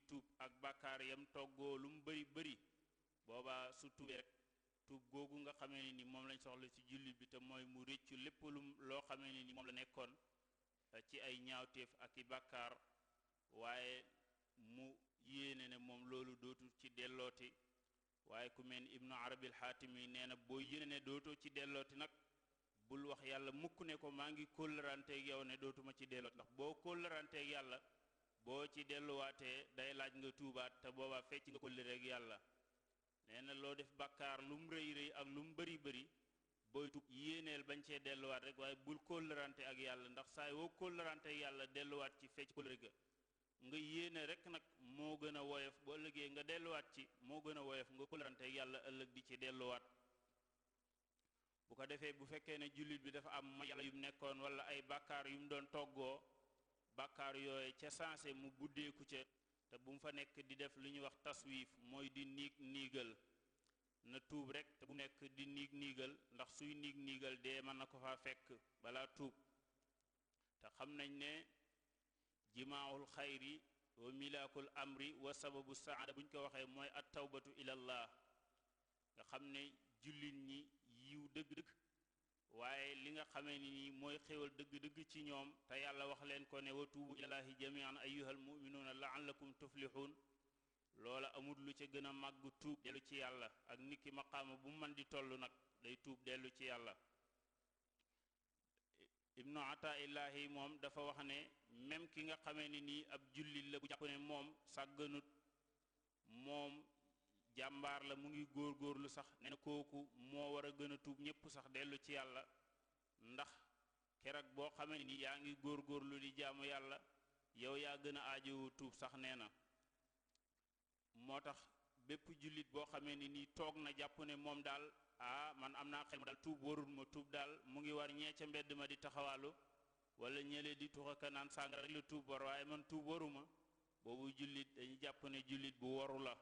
di tuub ak bakkaar yam toggoo lu mu bari bëri booba su tuubee rek tuub googu nga xamee ne ni moom lañ soxla ci jullit bi te mooy mu rëccu lépp lu loo xamee ne ni moom la nekkoon eh, ci ay ñaawteef ak i bàkkaar waaye mu yéene ne moom loolu dootu ci dellooti waaye ku mel ni ibnu arabil xaatimi nee na boo yéene ne dootoo ci dellooti nag bul wax yàlla mukk ne ko maa ngi kóllaranteeg yow ne dootuma ci dellooti ndax boo kóllaranteeg yàlla boo ci delluwaatee day laaj nga tuubaat te booba fecc nga kóllëre ak yàlla nee na loo def bàkkaar lu mu rëy rëy ak lu mu bëri bëri booy tub yéeneel bañ cee delluwaat rek waaye bul kóllërante ak yàlla ndax saay woo kóllërante yàlla delluwaat ci fecc kóllëre ga nga yéene rek nag moo gën a woyof bu ëllëgee nga delluwaat ci moo gën a woyof nga kóllërante yàlla ëllëg di ci delluwaat bu ko defee bu fekkee ne jullit bi dafa am ma yum nekkoon wala ay bàkkaar yu mu doon toggoo bàkkaar yooyu ca sansé mu buddeeku ca te bu mu fa nekk di def li ñuy wax taswiif mooy di niig niigal na tuub rek te bu nekk di niig niigal ndax suy niig niigal de mën na ko faa fekk balaa tuub te xam nañ ne jimaahul xayri wa milaakul amri wa sababu saada bu ñu ko waxee mooy at tawbatu ilallah nga xam ne jullit ñi yiw dëgg-dëgg waaye li nga xamee ni nii mooy xéwal dëgg-dëgg ci ñoom te yàlla wax leen ko ne wa tuubu ilaahi jamian ayyuhal muminuuna laallakum tuflihun loola amul lu ca gën a màgg tuub dellu ci yàlla ak nit ki maqaama bu man di toll nag day tuub dellu ci yàlla ibnu ataa illaahi moom dafa wax ne même ki nga xamee ni nii ab jullit la bu jàpp ne moom sàgganut moom jàmbaar la mu ngi góor góorlu sax nee na kooku moo war a gën a tuub ñépp sax dellu ci yàlla ndax keroog boo xamee ni yaa ngi góorgóorlu di jaamu yàlla yow yaa gën a aajowu tuub sax nee na moo tax bépp jullit boo xamee nii toog na jàpp ne moom daal ah man am naa xel ma tuub warul ma tuub daal mu ngi war ñee ca mbedd ma di taxawaalu wala ñële di tuxaka naan sànga rek tuub war waaye man tuub waruma boobu jullit dañu jàpp ne jullit bu waru la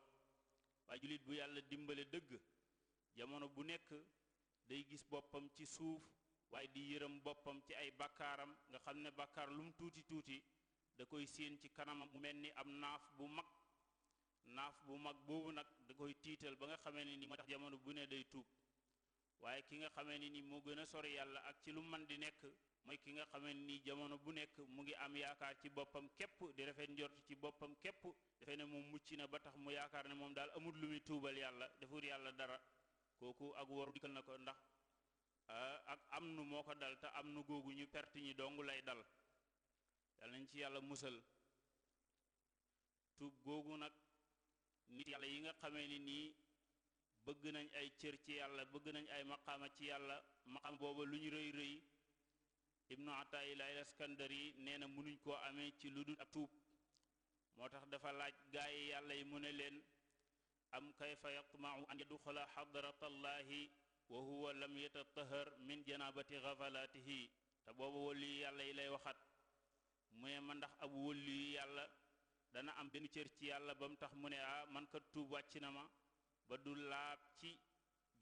waaye jullit bu yàlla dimbale dëgg jamono bu nekk day gis boppam ci suuf waaye di yërëm boppam ci ay bakkaaram nga xam ne bakkaar lum tuuti tuuti da koy séen ci kanamam mu mel ni am naaf bu mag naaf bu mag boobu nag da koy tiital ba nga xamee ne nii moo tax jamono bu ne day tuub waaye ki nga xamee ne ni moo gën a sori yàlla ak ci lu man di nekk mooy ki nga xamee ne ni jamono bu nekk mu ngi am yaakaar ci boppam képp di rafet njort ci boppam képp defe ne moom mucc na ba tax mu yaakaar ne moom daal amut lu muy tuubal yàlla deful yàlla dara kooku ak waru dikkal na ko ndax ah, ak am nu moo ko dal te am nu googu ñu perte ñi dong lay dal yal nañ ci yàlla musal tuub googu nag nit yàlla yi nga xamee ni nii bëgg nañ ay cër ci yàlla bëgg nañ ay maqama ci yàlla maqaama booba lu ñu rëy rëy ibnu ataila al askandari nee na mënuñ koo amee ci lu dul ab tuub moo tax dafa laaj gaa yi yàlla yi mu ne leen am kay kayfa yatmau an yadxula xadrat allahi wa huwa lam yatatahar min janabati gafalaatihi te booba wëllu yi yàlla yi lay waxat mu ne ma ndax ab wëllu yi yàlla dana am benn cër ci yàlla ba mu tax mu ne ah man kat tuub wàcc na ma ba du laab ci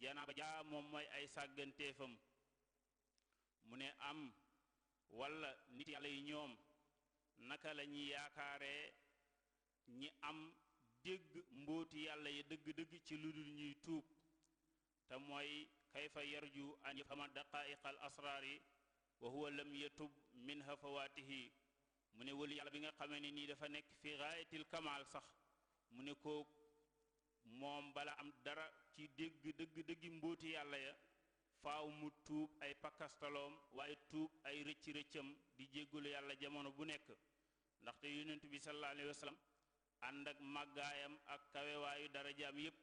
janaaba ja moom mooy ay sàgganteefam mu ne am walla nit yàlla yi ñoom naka la yaakaare ñi am dégg mbóoti yàlla yi dëgg-dëgg ci lu dul ñuy tuub te mooy kayfa yarju an yafhama daqaiqa al asraari wa huwa lam yatub minha fawaatihi mu ne wëli yàlla bi nga xamee ne nii dafa nekk fi gaayatil kamaal sax mu ne koo moom bala am dara ci dégg dëgg dëggi mbóoti yàlla ya faaw mu tuub ay pakastaloom waaye tuub ay rëcc rëccam di jéggalu yàlla jamono bu nekk ndaxte yonent bi sallallahu alayhi ànd ak màggaayam ak kawewaayu darajaam yépp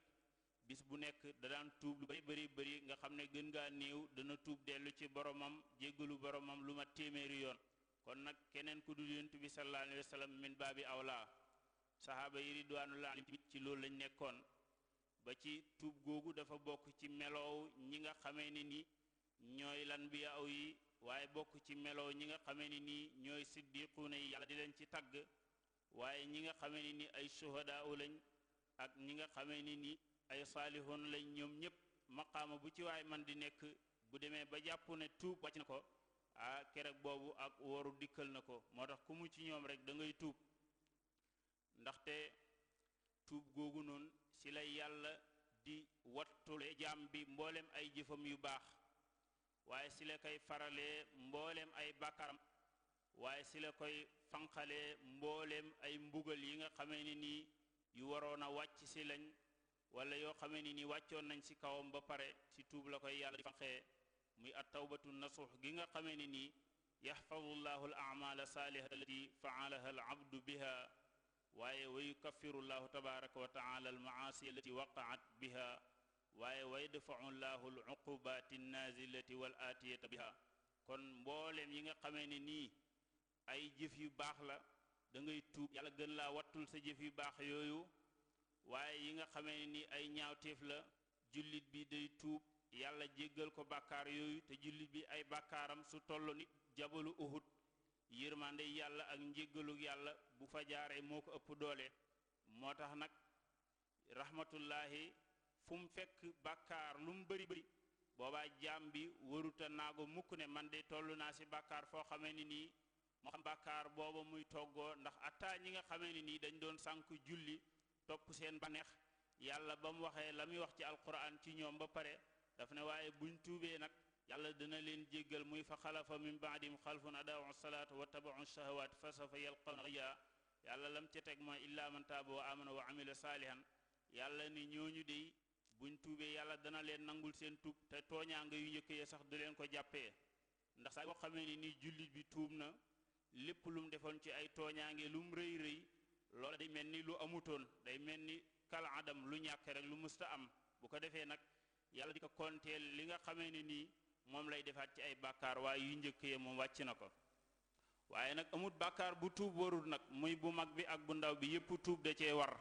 bis bu nekk da daan tuub lu bari bari nga xam ne gën ngaa néew dana tuub dellu ci boromam jéggalu boromam lu ma téeméeri yoon kon nag keneen ku dul yonent bi sallallahu alayhi wa sallam min baabi awlaa sahaaba yi ridwaanullah ci loolu lañ nekkoon ba ci tuub googu dafa bokk ci meloow ñi nga xamee ne ni ñooy lan bi aw yi waaye bokk ci meloow ñi nga xamee ne nii ñooy siddiquuna yi yàlla di leen ci tagg waaye ñi nga xamee ne ni ay suhadaa u lañ ak ñi nga xame ni ni ay saalihoon lañ ñoom ñëpp maqaama bu ci waay man di nekk bu demee ba jàpp ne tuub wàcc na ko ah keroog boobu ak woru dikkal na ko moo tax ku mu ci ñoom rek da ngay tuub ndaxte tuub googu noonu si la yàlla di wattule jaam bi mboolem ay jëfam yu baax waaye si la koy farale mboolem ay bàkkaram waaye si la koy fanqalee mboolem ay mbugal yi nga xamee ni nii yu waroon a wàcc si lañ wala yoo xamee ni nii wàccoon nañ si kawam ba pare si tuub la koy yàlla di fanqee muy at tawbatu nasuux gi nga xamee ni nii yaxfadullahu al amala saaliha allati faalaha al abdu biha waaye wa yukaffiru llahu tabaraka wa taala almaasi allati waqaat biha waaye wa yadfau llahu alcuqubaati annazilati wal biha kon mboolem yi nga xame ne nii ay jëf yu baax la da ngay tuub yàlla gën laa wattul sa jëf yu baax yooyu waaye yi nga xamee ni nii ay ñaawteef la jullit bi day tuub yàlla jéggal ko bàkkaar yooyu te jullit bi ay bàkkaaram su toll nit jabalu uhud yërmande yàlla ak njéggalug yàlla bu fa jaaree moo ko ëpp doole moo tax nag rahmatullahi fu mu fekk bàkkaar lu mu bëri bëri boobaa jaam bi waruta naago mukk ne man de toll naa si bàkkaar foo xamee ni nii moo xam bàkkaar booba muy toggoo ndax attaa ñi nga xamee ni nii dañ doon sànk julli topp seen baneex yàlla ba mu waxee la muy wax ci alquran ci ñoom ba pare daf ne waaye buñ tuubee nag yàlla dana leen jéggal muy fa xalafa min baadim xalfun adaau salaat wa tabaau shahawaat fa safa yalqawna ghayya yàlla lam ca teg ma illaa man taaba wa amana wa amila saalihan yàlla ni ñooñu dey buñ tuubee yàlla dana leen nangul seen tuub te tooñaanga yu njëkk ya sax du leen ko jàppee ndax saa boo xamee ni nii jullit bi tuub na lépp lu mu defoon ci ay tooñaange lu mu rëy rëy loola day mel ni lu amutoon day mel ni kal lu ñàkk rek lu musta am bu ko defee moom lay defaat ci ay bàkkaar waaye yu njëkk ya moom wàcc na ko waaye nag amut bakkaar bu tuub warul nag muy bu mag bi ak bu ndaw bi yépp tuub da cee war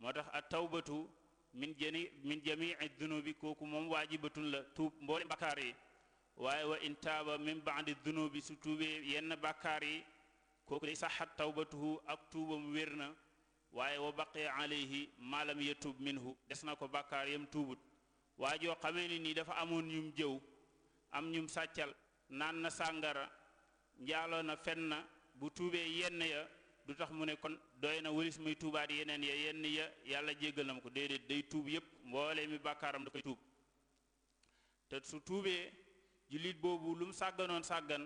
moo tax at tawbatu min jani min jamii dunubi kooku moom waajibatun la tuub mboole bàkkaar yi waaye wa intaaba taaba min baadi dunubi su tuubee yenn bàkkaar yi kooku day saxat tawbatuhu ak tuubam wér na waaye wa baqiya alayhi maalam yatub minhu des na ko bakkaar yam tuubut waa xamee ni nii dafa amoon yum jëw am ñum sàccal naan na sàngara njaaloo na fen na bu tuubee yenn ya du tax mu ne kon doy na wëlis muy tuubaat yeneen ya yenn ya yàlla jéggal na ma ko déedéet day tuub yépp mboolee mi bàkkaaram da koy tuub te su tuubee jullit boobu lu mu sàgganoon sàggan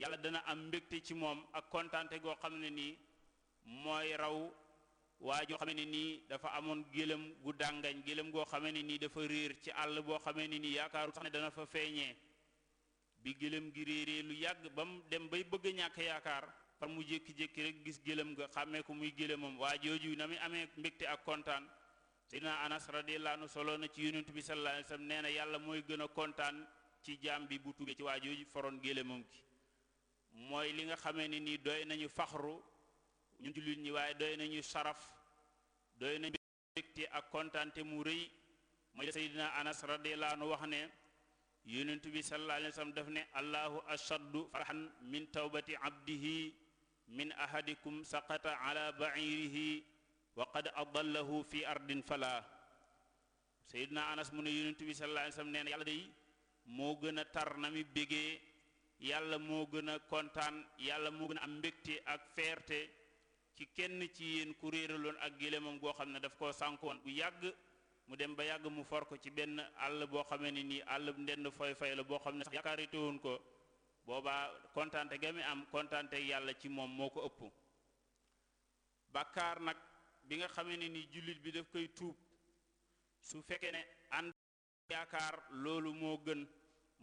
yàlla dana am mbégte ci moom ak kontaante goo xam ne nii mooy raw waa joo xamee ne nii dafa amoon gélém gu dàngañ gélém goo xamee ne nii dafa réer ci àll boo xamee ne nii yaakaaru sax ne dana fa feeñee bi gëlëm gi réeree lu yàgg ba dem bay bëgg ñàkk yaakaar par mu jékki-jékki rek gis gëléem ga xàmmee ko muy gëlëmam waa jooju na muy amee mbégte ak kontaan sidna anas radiyallahu anhu soloo na ci yonent bi sallallahu alayhi wasallam nee na yàlla mooy gën a kontaan ci jaam bi bu tubee ci waa jooju foroon gëlëmam gi mooy li nga xamee nii doy nañu faxru ñu jullit ñi nañu saraf doy mu rëy wax ne yonent bi sallallahu alayhi wa sallam daf ne allahu ashaddu farhan min tawbati abdihi min ahadikum saqata ala bairihi wa qad adallahu fi ardin fala seydina anas mu ne yonent bi nee na yàlla day moo gën a tar yàlla moo gën a kontaan yàlla moo gën a am mbégte ak fierté ci kenn ci yéen ku ak gëléemam goo xam ne daf ko sànkoon bu yàgg mu dem ba yàgg mu for ko ci benn àll boo xamee ne nii àll ndend foy foy la boo xam ne sax yaakaarite woon ko boobaa kontante ga am kontante yàlla ci moom moo ko ëpp bàkkaar nag bi nga xamee ne nii jullit bi daf koy tuub su fekkee ne ànd yaakaar loolu moo gën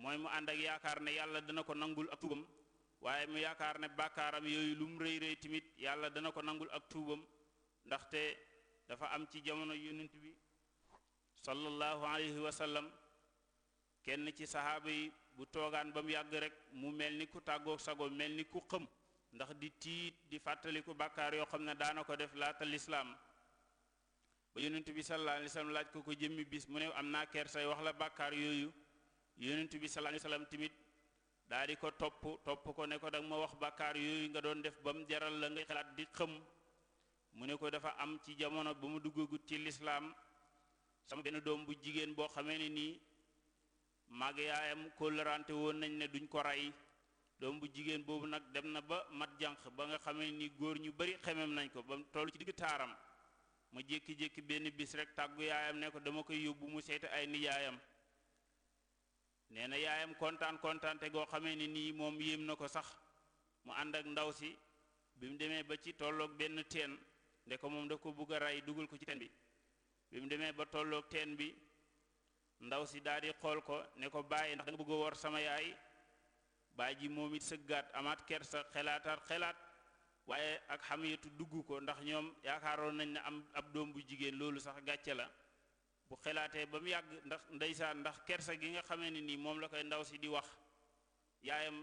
mooy mu ànd ak yaakaar ne yàlla dana ko nangul ak tuubam waaye mu yaakaar ne bàkkaaram yooyu lu mu rëy rëy yàlla dana ko nangul ak tuubam ndaxte dafa am ci jamono yonent bi sallallahu alayhi wa sallam kenn ci saxaaba yi bu toogaan ba mu yàgg rek mu mel ni ku tàggoog sago mel ni ku xëm ndax di tiit di fàttaliku bàkkaar yoo xam ne daana ko def laata lislaam ba yonent bi sallallahu alayhi wa laaj ko ko jëmmi bis mu ne am naa say wax la bàkkaar yooyu yonent bi sallallahu alayhi tamit daa di ko topp topp ko ne ko da ma wax bàkkaar yooyu nga doon def ba mu jaral la nga xalaat di xëm mu ne ko dafa am ci jamono ba mu dugg duggagut ci lislaam sama benn doom bu jigéen boo xamee ne nii mag yaayam kóllërante woon nañ ne duñ ko ray doom bu jigéen boobu nag dem na ba mat jànq ba nga xamee ni góor ñu bari xemem nañ ko ba toll ci digg taaram ma jékki-jékki benn bis rek tàggu yaayam ne ko dama koy yóbbu mu seete ay nijaayam nee na yaayam kontaan kontaante goo xamee ne nii moom yéem na ko sax mu ànd ak ndaw si bi mu demee ba ci tolloog benn teen nde ko moom daf ko bugg a rey dugal ko ci teen bi bi mu demee ba tolloog teen bi ndaw si daal xool ko ne ko bàyyi ndax da nga bëgg a sama yaay baay ji moom it sëggaat amaat kersa xelaataat xelaat waaye ak xamiyatu dugg ko ndax ñoom yaakaaroon nañ ne am ab doom bu jigéen loolu sax gàcce la bu xelaatee ba mu yàgg ndax ndeysaan ndax kersa gi nga xamee ne nii moom la koy ndaw si di wax yaayam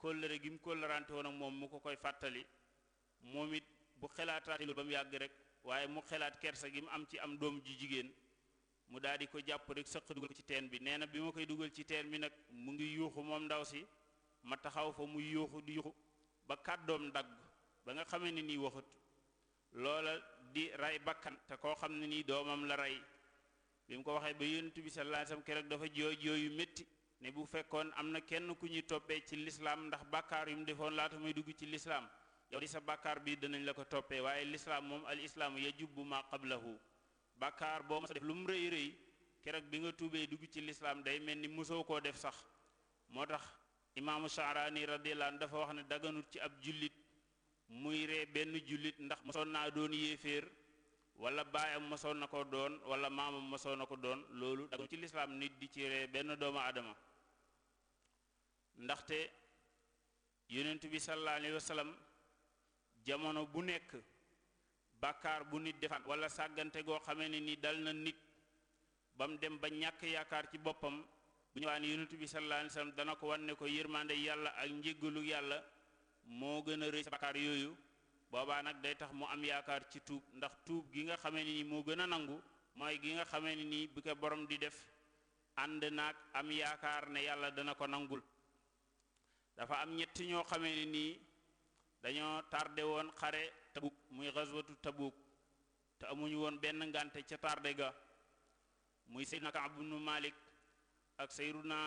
kóllëre gi mu kóllërante woon ak moom mu ko koy fàttali moom it bu xelaataati loolu ba mu yàgg rek waaye mu xelaat kersa gi mu am ci am doom ji jigéen mu daal di ko jàpp rek sëq dugal ci teen bi nee na bi ma koy dugal ci teen bi nag mu ngi yuuxu moom ndaw si ma taxaw fa mu yuuxu di yuuxu ba kàddoom dagg ba nga xamee ne nii waxut loola di rey bakkan te koo xam ne nii doomam la rey bi mu ko waxee ba yonent bi sallallahu alayhi keroog dafa jooy jooy yu métti ne bu fekkoon am na kenn ku ñuy toppee ci lislaam ndax bàkkaar yu mu defoon laata muy dugg ci lislaam yow di sa bàkkaar bi danañ la ko toppee waaye lislaam moom al islaam islaamu yajubbu ma qablahu bàkkaar boo ma def lu mu rëy rëy keroog bi nga tuubee dugg ci lislaam day mel ni mosoo koo def sax moo tax imaamu Sha'raani radiyallahu dafa wax ne daganut ci ab jullit muy ree benn jullit ndax mosoon naa doon yéeféer wala baayam mosoon na ko doon wala maamam mosoon na ko doon loolu daganut ci lislaam nit di ci ree benn doomu adama ndaxte yonent bi sallallahu jamono bu nekk bàkkaar bu nit defaat wala sàggante goo xamee ne ni dal na nit ba mu dem ba ñàkk yaakaar ci boppam bu ñëwaan yonent bi sallallahu alayhi dana ko wanne ko yërmande yàlla ak njéggalu yàlla moo gën a rëy bàkkaar yooyu boobaa nag day tax mu am yaakaar ci tuub ndax tuub gi nga xame ne ni moo gën a nangu mooy gi nga xamee ne nii bu ko borom di def ànd naag am yaakaar ne yàlla dana ko nangul dafa am ñett ñoo xamee ne nii dañoo tardé woon xare tabuk muy xaswatu tabuk te amuñu woon benn ngante ca tardé ga muy seyduna Kaab nu Malik ak seyduna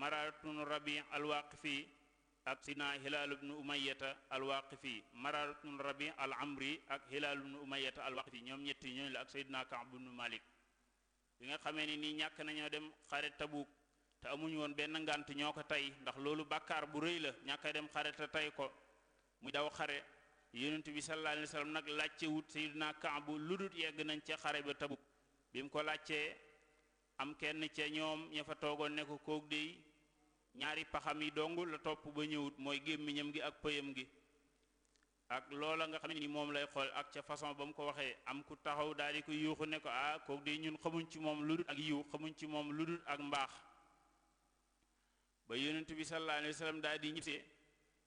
Mararatun Rabi al-Waqifi ak seyduna Hilaal ibnu Umayyata al-Waqifi Mararatun rabin al-Amri ak Hilaal ibnu Umayyata al-Waqifi ñoom ñetti ñooñu la ak seyduna Kaab ibnu Malik bi nga xamee ni nii ñàkk nañoo dem xare tabuk te amuñu woon benn ngant ñoo ko tey ndax loolu bàkkaar bu rëy la ñàkk dem xare te tey ko mu daw xare yonent bi sallallahu alayhi wa sallam nag laajte wut sayyidina bu lu dul yegg nañ ca xare ba Tabuk bi mu ko laajtee am kenn ca ñoom ña fa toogoon ne ko koog dey ñaari paxam yi dong la topp ba ñëwut mooy gémmiñam gi ak pëyam gi ak loola nga xam ne ni moom lay xool ak ca façon ba mu ko waxee am ku taxaw daal di ko yuuxu ne ko ah koog ñun xamuñ ci moom lu dul ak yiw xamuñ ci moom lu dul ak mbaax ba yonent bi sallallahu alayhi wa sallam daal di ñibsee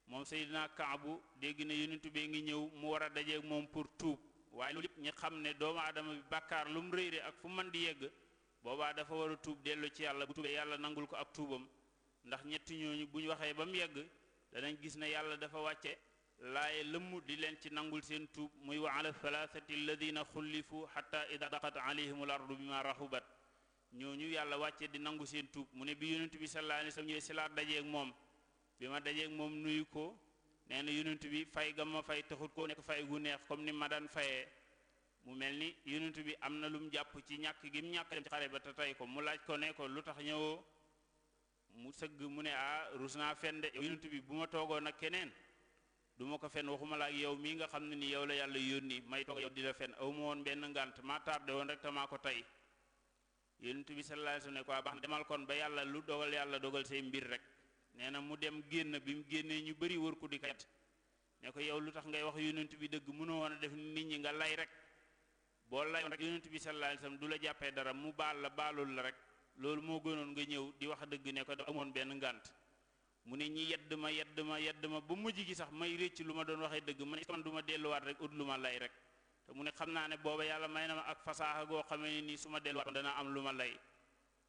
moom Seydina Kaabu dégg na yonentu bee ngi ñëw mu war a dajeeg moom pour tuub waaye loolu yëpp ñi xam ne doomu aadama bi bàkkaar lu mu réere ak fu man di yegg boobaa dafa war a tuub dellu ci yàlla bu tuubee yàlla nangul ko ab tuubam ndax ñetti ñooñu bu ñu waxee ba mu yegg danañ gis ne yàlla dafa wàcce laaye lëmm di leen ci nangul seen tuub muy wa ala thalathati alladina xullifu xata ida daqat alayhim al ardu bima rahubat ñooñu yàlla wàcce di nangu seen tuub mu ne bi yonentu bi sallallahu alayhi wa sallam laa dajeeg moom bi ma dajeeg moom nuyu ko nee na yonent bi fay ga ma fay taxut koo nekk fay gu neex comme ni ma daan fayee mu mel ni yonent bi am na lu mu jàpp ci ñàkk gi mu ñàkk dem ci xare ba te tey ko mu laaj ko ne lu tax ñëwoo mu sëgg mu ne ah rus naa fen de yonent bi bu ma toogoon ak keneen duma ko fen waxuma la ak yow mii nga xam ne ni yow la yàlla yónni may toog yow di la fen aw ma woon benn ngànt maa tardé woon rek te ko tey yonent bi sallallahu alayhi wasallam ne ko ah, baax demal kon ba yàlla lu dogal yàlla dogal say mbir rek nee na mu dem génn bi mu génnee ñu bëri wër ku di kat ne ko yow lu tax ngay wax yonent bi dëgg mënoo woon a def nit ñi nga lay rek boo layoon rek yonent bi sallallahu alayhi wasallam du la jàppee dara mu baal la baalul la rek loolu moo gënoon nga ñëw di wax dëgg ne ko dafa amoon benn ngànt mu ne ñi yedd ma yedd ma yedd ma ba mu jigi sax may rëcc lu ma doon waxee dëgg man man du ma delluwaat rek ut lu ma lay rek mu ne xam naa ne booba yàlla may na ma ak fasaaxa goo xamee ni su ma delluwaat dana am lu ma lay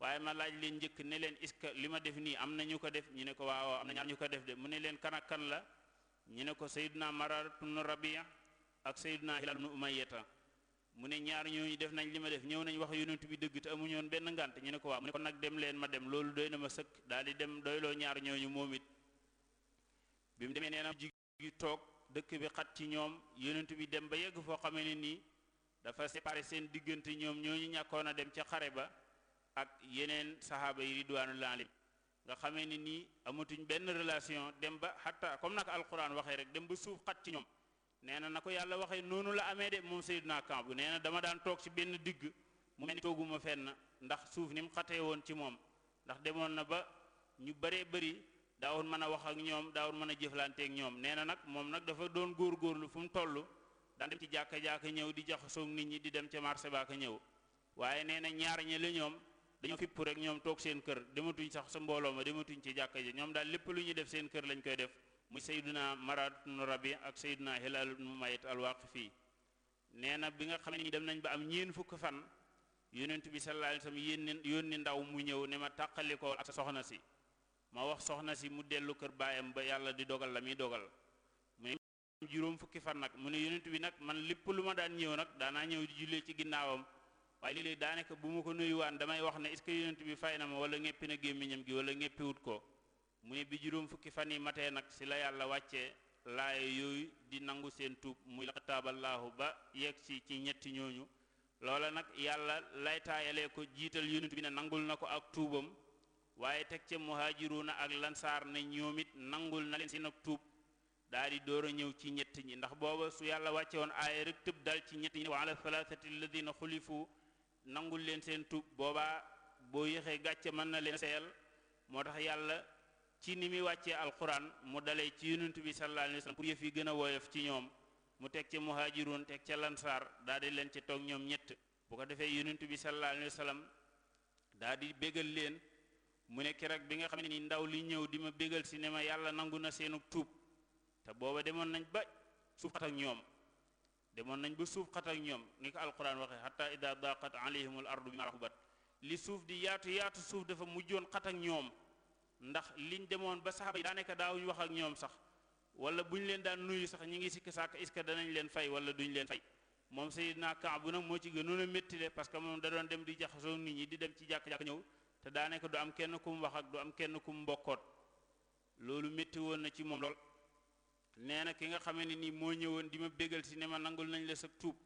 waaye ma laaj leen njëkk ne leen est-ce que li ma def nii am na ñu ko def ñu ne ko waaw am na ñu ko def de mu ne leen kan la ñu ne ko sayyiduna Mararat ibn Rabi'a ak sayyiduna Hilal ma yeta mu ne ñaar ñooñu def nañ li ma def ñëw nañu wax yonent bi dëgg te amuñoon benn ngant ñu ne ko waaw mu ne ko nag dem leen ma dem loolu doy na ma sëkk daal di dem doyloo ñaar ñooñu moom it bi mu demee nee na yu toog dëkk bi xat ci ñoom yonent bi dem ba yegg foo xamee ne nii dafa séparé seen diggante ñoom ñooñu ñàkkoon a dem ca xare ba ak yeneen sahaaba yi ridwaanullah alim nga xamee ni nii amatuñ benn relation dem ba xatta comme naka alquran waxee rek dem ba suuf xat ci ñoom nee na na yàlla waxee noonu la amee de moom Seydina Kamb nee na dama daan toog ci benn digg mu mel ni tooguma fenn ndax suuf ni mu xatee woon ci moom ndax demoon na ba ñu bëree bëri daawoon mën a wax ak ñoom daawoon mën a jëflanteek ñoom nee na nag moom nag dafa doon góorgóorlu fu mu toll daan dem ci jàkka jàkka ñëw di jaxasoog nit ñi di dem ca marché ba ka ñëw waaye nee ñaar ñi ñoom dañu fippu rek ñoom toog seen kër dematuñ sax sa mbooloo ma dematuñ ci jàkka ji ñoom daal lépp lu ñu def seen kër lañ koy def muy sayduna maratunu rabi ak sayduna hilal ibnu mayit alwaqifi nee na bi nga xam ne dem nañ ba am ñeen fukk fan yonent bi sallallahu alayhi wasallam yónni yónni ndaw mu ñëw ne ma tàqali ko ak soxna si ma wax soxna si mu dellu kër baayam ba yàlla di dogal la muy dogal mu fan nag mu bi nag man lépp lu ma daan ñëw nag daanaa ñëw di ci ginnaawam waaye léeg-léeg daanaka bu ma ko nuyuwaan damay wax ne est-ce que yonent bi fay na ma wala ñéppi na gémmiñam gi wala ñéppiwut ko mu ne bi juróom fukki fan yi matee nag si la yàlla wàcce laaya yooyu di nangu seen tuub muy laqataaballaahu ba yegg si ci ñetti ñooñu loola nag yàlla laytaayalee ko jiital yonent bi ne nangul na ko ak tuubam waaye teg ca na ak lansaar ne ñoom it nangul na leen seen ak tuub daal di door a ñëw ci ñett ñi ndax booba su yàlla wàcce nangul leen seen tub boobaa boo yéexee gàcce mën na leen seel moo tax yàlla ci ni muy wàccee alquran mu dalee ci yonent bi sallallahu alayhi pour yëf yi gën a woyof ci ñoom mu teg ci muhajirun teg ca lansaar daal di leen ci toog ñoom ñett bu ko defee yonent bi sallallahu alayhi wa sallam daal di bégal leen mu ne keroog bi nga xam ne ni ndaw li ñëw di ma bégal si ne ma yàlla nangu na seenu tuub te booba demoon nañu ba suufaat ak ñoom demoon nañ ba suuf xat ak ñoom ni ko alquran waxee xata ida daqat alayhimul ardu bima raxubat li suuf di yaatu yaatu suuf dafa mujjoon xat ak ñoom ndax liñ demoon ba saxaba yi daanaka daawuñ wax ak ñoom sax wala ñu leen daan nuyu sax ñi ngi sikk sàkk est-ce que danañ leen fay wala duñ leen fay moom naa Kaab bu nag moo ci gënoon a méttile parce que moom da doon dem di jaxasoo nit ñi di dem ci jàkk-jàkk ñëw te daanaka du am kenn ku mu wax ak du kenn ku mu mbokkoot loolu métti na ci moom nee na ki nga xamee ne nii moo ñëwoon di ma bégal si ne ma nangul nañ la sa tuub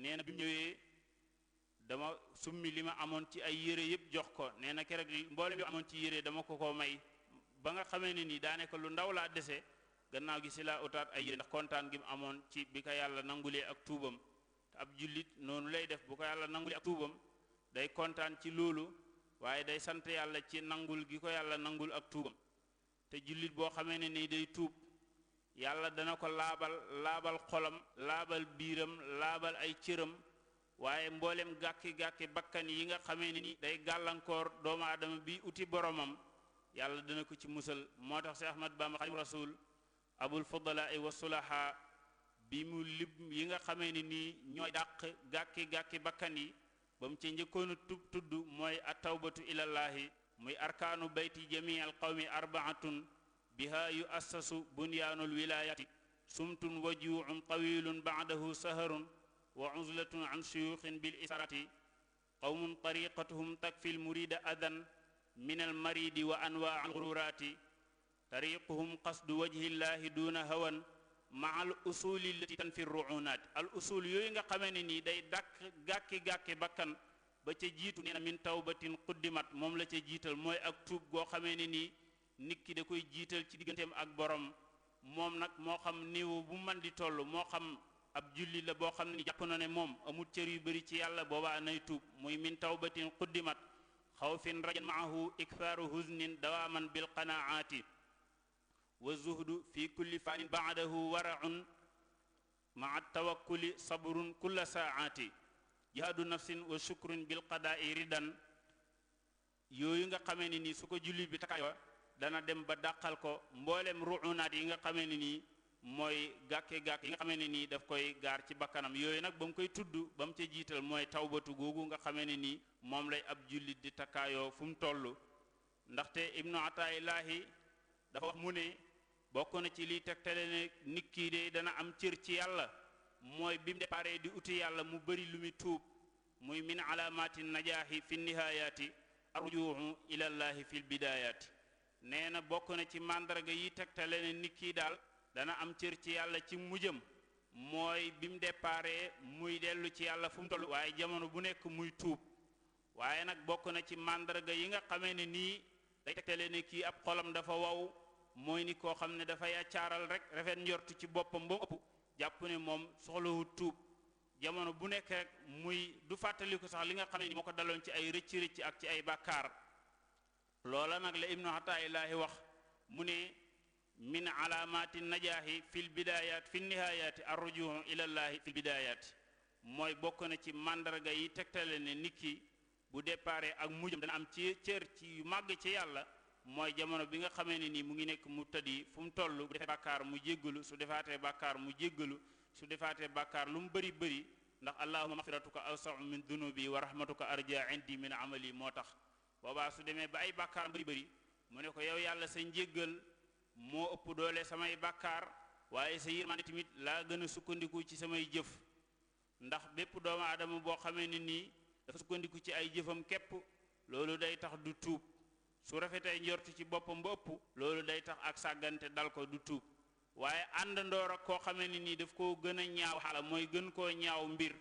nee na bi ñëwee dama summi li ma amoon ci ay yére yëpp jox ko nee na keroog mboolem bi amoon ci yére dama ko koo may ba nga xamee ne nii daanaka lu ndaw laa dese gannaaw gi si laa utaat ay yére ndax kontaan gi mu amoon ci bi ko yàlla nangulee ak tuubam te ab jullit noonu lay def bu ko yàlla nangulee ak tuubam day kontaan ci loolu waaye day sant yàlla ci nangul gi ko yàlla nangul ak tuubam te jullit boo xamee ne nii day tuub yàlla dana ko laabal laabal xolam laabal biiram laabal ay cëram waaye mboolem gàkki-gàkki bakkan yi nga xamee ni day gàllankoor doomu aadama bi uti boromam yàlla dana ko ci musal moo tax si Ahmad Bamba Xaadimu Rasuul abul fadala ay wasulaha bi mu lib yi nga xamee ni nii ñooy dàq gàkki-gàkki bakkan yi ba mu ci njëkkoonu tub tudd mooy attawbatu ilallaahi muy arkaanu bayti jamii al qawmi arbaatun biha yuassasu bunyaanul wilaayati sumtun wa juucun tawilun bacdahu saharun wa uzlatun an suyuuxin bil israti qawmun tariqatuhum takfi lmurida adan min almaridi wa anwaa alxururaati tariquhum qasdu wajhi llahi duuna hawan maa al usuli lati tanfi ruunaati al usul yooyu nga xamee ne nii day dàkk gàkki-gàkki bakkan ba ca jiitu nee na min tawbatin quddimat moom la ca jiital mooy ak tuub goo xamee ne nii nit ki da koy jiital ci digganteem ak borom moom nag moo xam niveau bu man di toll moo xam ab julli la boo xam ne jàpp na ne moom amul cër yu bari ci yàlla boobaa nay tuub muy min tawbatin quddimat xawfin rajan maahu ikfaaru tawakkuli sabrun kulla saaati jihaadu nafsin wa shukrun bil qadaai ridan yooyu nga xamee ni nii su ko julli bi takkaayoo dana dem ba dàqal ko mboolem ruunaat yi nga xamee ne nii mooy gàkke-gàkk yi nga xamee ne nii daf koy gaar ci bakkanam yooyu nag ba mu koy tudd ba mu ca jiital mooy tawbatu googu nga xamee ne nii moom lay ab jullit di takkaayoo fu mu toll ndaxte ibnu ataillaahi dafa wax mu ne bokk na ci liy tegtale ne nit kii de dana am cër ci yàlla mooy bi mu dépare di uti yàlla mu bëri lu muy tuub muy min alaamati najaahi fi nihaayati arjuhu ilallahi fi l bidaayati nee na bokk na ci màndarga yi tegtale ne nit kii daal dana am cër ci yàlla ci mujjam mooy bi mu déparé muy dellu ci yàlla fu mu toll waaye jamono bu nekk muy tuub waaye nag bokk na ci màndarga yi nga xamee ne nii day tegtale ne kii ab xolam dafa waw mooy ni koo xam ne dafa yàccaaral rek rafet njortu ci boppam ba mu ëpp jàpp ne moom soxlawul tuub jamono bu nekk rek muy du fàttaliku sax li nga xam ne moo ko daloon ci ay rëcc rëcc ak ci ay bàkkaar loola nag la ibnu xataayilaahi wax mu ne min alaamaati najaahi fil bidaayaat fi nihaayaati arrujuu ilallaahi fil bidaayaat mooy bokk na ci màndarga yi tegtale ne nit ki bu dépare ak mujjam dana am ci cër ci yu màgg ci yàlla mooy jamono bi nga xamee ne nii mu ngi nekk mu tëddi fu mu toll bu defee bàkkaar mu jéggalu su defaatee bàkkaar mu jéggalu su defaatee bàkkaar lu mu bëri bëri ndax allahuma maxfiratuka awsau min dunubi wa rahmatuka arja indi min amali moo tax boobaa su demee ba ay bàkkaar bari bëri mu ne ko yow yàlla sa njéggal moo ëpp doole samay bàkkaar waaye sa yërmande tamit laa gën a sukkandiku ci samay jëf ndax bépp doomu aadama boo xamee ne nii sukkandiku ci ay jëfam képp loolu day tax du tuub su rafetee njortu ci boppam ba ëpp loolu day tax ak sàggante dal ko du tuub waaye àndandoor ak koo xamee ne nii daf koo gën a ñaaw xala mooy gën koo ñaaw mbir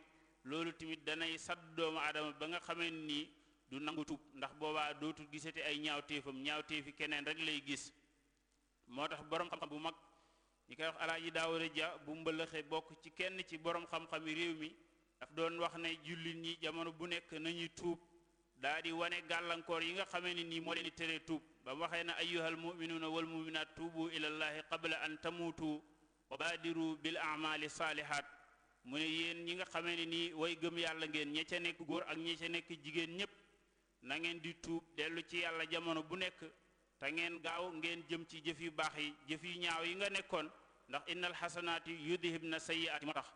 loolu tamit danay sadd doomu aadama ba nga xamee nii du nangu tub ndax boobaa dootu gisate ay ñaawteefam ñaawteefi keneen rek lay gis moo tax boroom xam-xam bu mag ñi koy wax alaaji daawara ja bu mbëlëxe bokk ci kenn ci borom xam-xami réew mi daf doon wax ne jullit ñi jamono bu nekk nañuy tuub daa di wane gàllankoor yi nga xamee ne nii moo leen di tere tuub ba waxee na ayyuhal muminuuna wal muminaat tuubu ilallahi qabla an tamuutu wa baadiru bil amali saalihaat mu ne yéen ñi nga xamee ni nii way gëm yàlla ngeen ña ca nekk góor ak ña nekk jigéen ñépp na ngeen di tuub dellu ci yàlla jamono bu nekk te ngeen gaaw ngeen jëm ci jëf yu baax yi jëf yu ñaaw yi nga nekkoon ndax innal xasanaati yudhibna sayyi'aati moo tax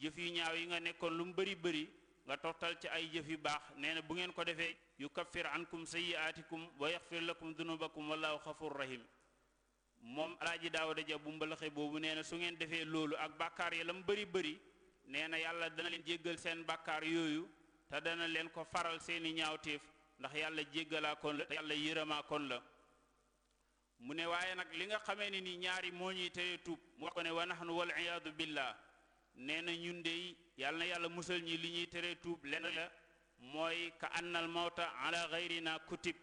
jëf yu ñaaw yi nga nekkoon lu mu bëri bëri nga toxtal ci ay jëf yu baax nee na bu ngeen ko defee yukaffir ankum sayyi'aatikum wa yaxfir lakum dunubakum wallahu xafur rahim moom alaaji daawda ja bu mbalaxe boobu nee na su ngeen defee loolu ak bàkkaar yi la mu bëri bëri nee na yàlla dana leen jéggal seen bàkkaar yooyu te dana leen ko faral seeni ñaaw ñaawteef ndax yàlla jéggalaa kon la te yàlla yërëmaa kon la mu ne waaye nag li nga xamee ne ni ñaari moo ñuy teye tuub mu wax ko ne wa nahnu wal iyaadu billah nee na ñun dey yàlla yàlla musal ñi li ñuy tere tuub lenn mooy ka annal mawta ala gayrina kutib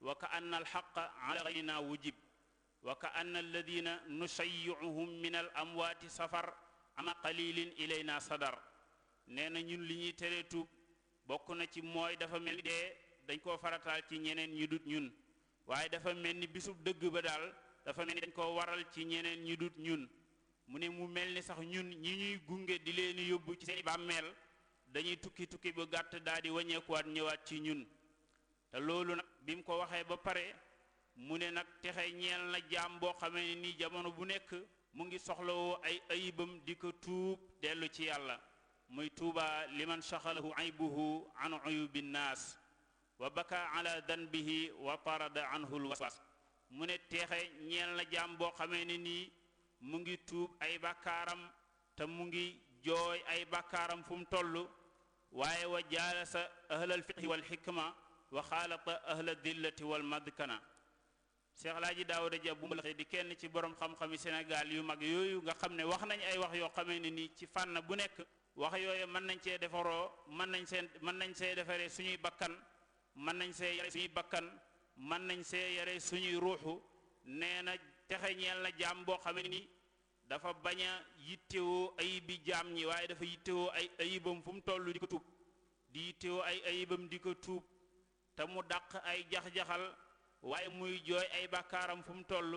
wa ka anna alxaqa ala gayrina wujib wa ka anna alladina nusayyiuhum min al amwaati safar ama qalilin ilayna sadar nee na ñun li ñuy tere tuub bokk na ci mooy dafa mel dee dañ koo farataal ci ñeneen ñi dut ñun waaye dafa mel ni bisub dëgg ba daal dafa mel ni dañ koo waral ci ñeneen ñi dut ñun mu ne mu mel ni sax ñun ñi ñuy gunge di leen yóbbu ci seen bàmmeel dañuy tukki tukki bu gàtt daal di waññeekuwaat ñëwaat ci ñun te loolu nag bi mu ko waxee ba pare mu ne nag texe ñeel na jaam boo xamee nii jamono bu nekk mu ngi soxlawoo ay ayibam di ko tuub dellu ci yàlla muy tuuba liman shaxalahu aybuhu an uyubin naas wa baka ala danbihi wa tarada anhu lwaswas mu ne teexe ñeel na jaam boo xamee ne nii mu ngi tuub ay bakkaaram te mu ngi jooy ay bakkaaram fu mu toll waaye wa jaalasa ahlal fiqhi wal xikma wa xaalata ahla dillati wal madkana Seex Alaaji Daawuda Ja bu di kenn ci borom xam-xami Sénégal yu mag yooyu nga xam ne wax nañ ay wax yoo xamee ne nii ci fànn bu nekk wax yooyu mën nañ cee defaroo mën nañ seen mën nañ see defaree suñuy bakkan mën nañ see yare suñuy bakkan mën nañ see yare suñuy ruuxu nee na texe ñeel na jaam boo xam ne ni dafa bañ a yittewoo ayibi jaam ñi waaye dafa yittewoo ay ayibam fu mu toll di ko tuub di yittewoo ay ayibam di ko tuub te mu dàq ay jax-jaxal waaye muy jooy ay bàkkaaram fu mu toll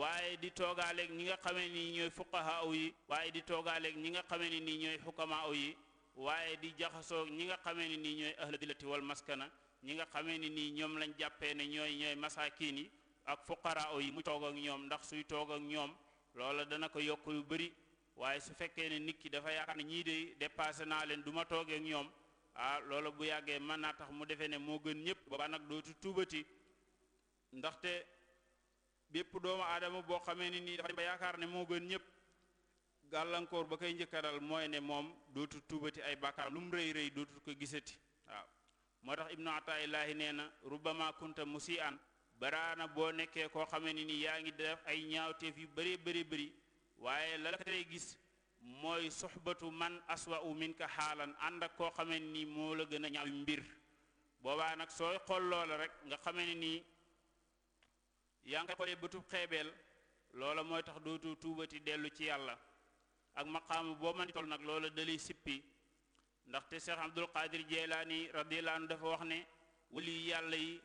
waaye di toogaaleeg ñi nga xamee ni ñooy fuqahaa yi waaye di toogaaleeg ñi nga xamee ni ñooy xukamaa yi waaye di jaxasoog ñi nga xamee ni ñooy ahlu dilati maskana ñi nga xamee ni nii ñoom lañ jàppee ne ñooy ñooy masaakiin yi ak fuqaraaw yi mu toog ak ñoom ndax suy toog ak ñoom loola dana ko yokk lu bari waaye su fekkee ne nit ki dafa yaakaar ne ñii de dépassé naa leen du ma toogee ñoom ah loola bu yàggee mën naa tax mu defee ne moo gën ñëpp ba nag dootu tuubati ndaxte bépp doomu aadama boo xamee ni nii dafa ba yaakaar ne moo gën ñëpp gàllankoor ba koy njëkkaral mooy ne moom dootu tuubati ay bàkkaar lu mu rëy rëy dootu ko gisati moo tax ibnu ataillaahi nee na rubama kunta musi an baraana boo nekkee koo xamee ne ni yaa ngi def ay ñaawteef yu bëree bëri bari waaye la la gis mooy soxbatu man aswa u min ka ànd ak koo xamee nii moo la gën a ñaaw mbir boobaa nag soo xool loola rek nga xamee ne nii yaa ngi xoolee bëtub xeebeel loola mooy tax dootu tuubati dellu ci yàlla ak maqaamu boo mën di toll nag loola dalay sippi ndaxte Cheikh Abdul Qadir laa radiyallahu anhu dafa wax ne wali yàlla yi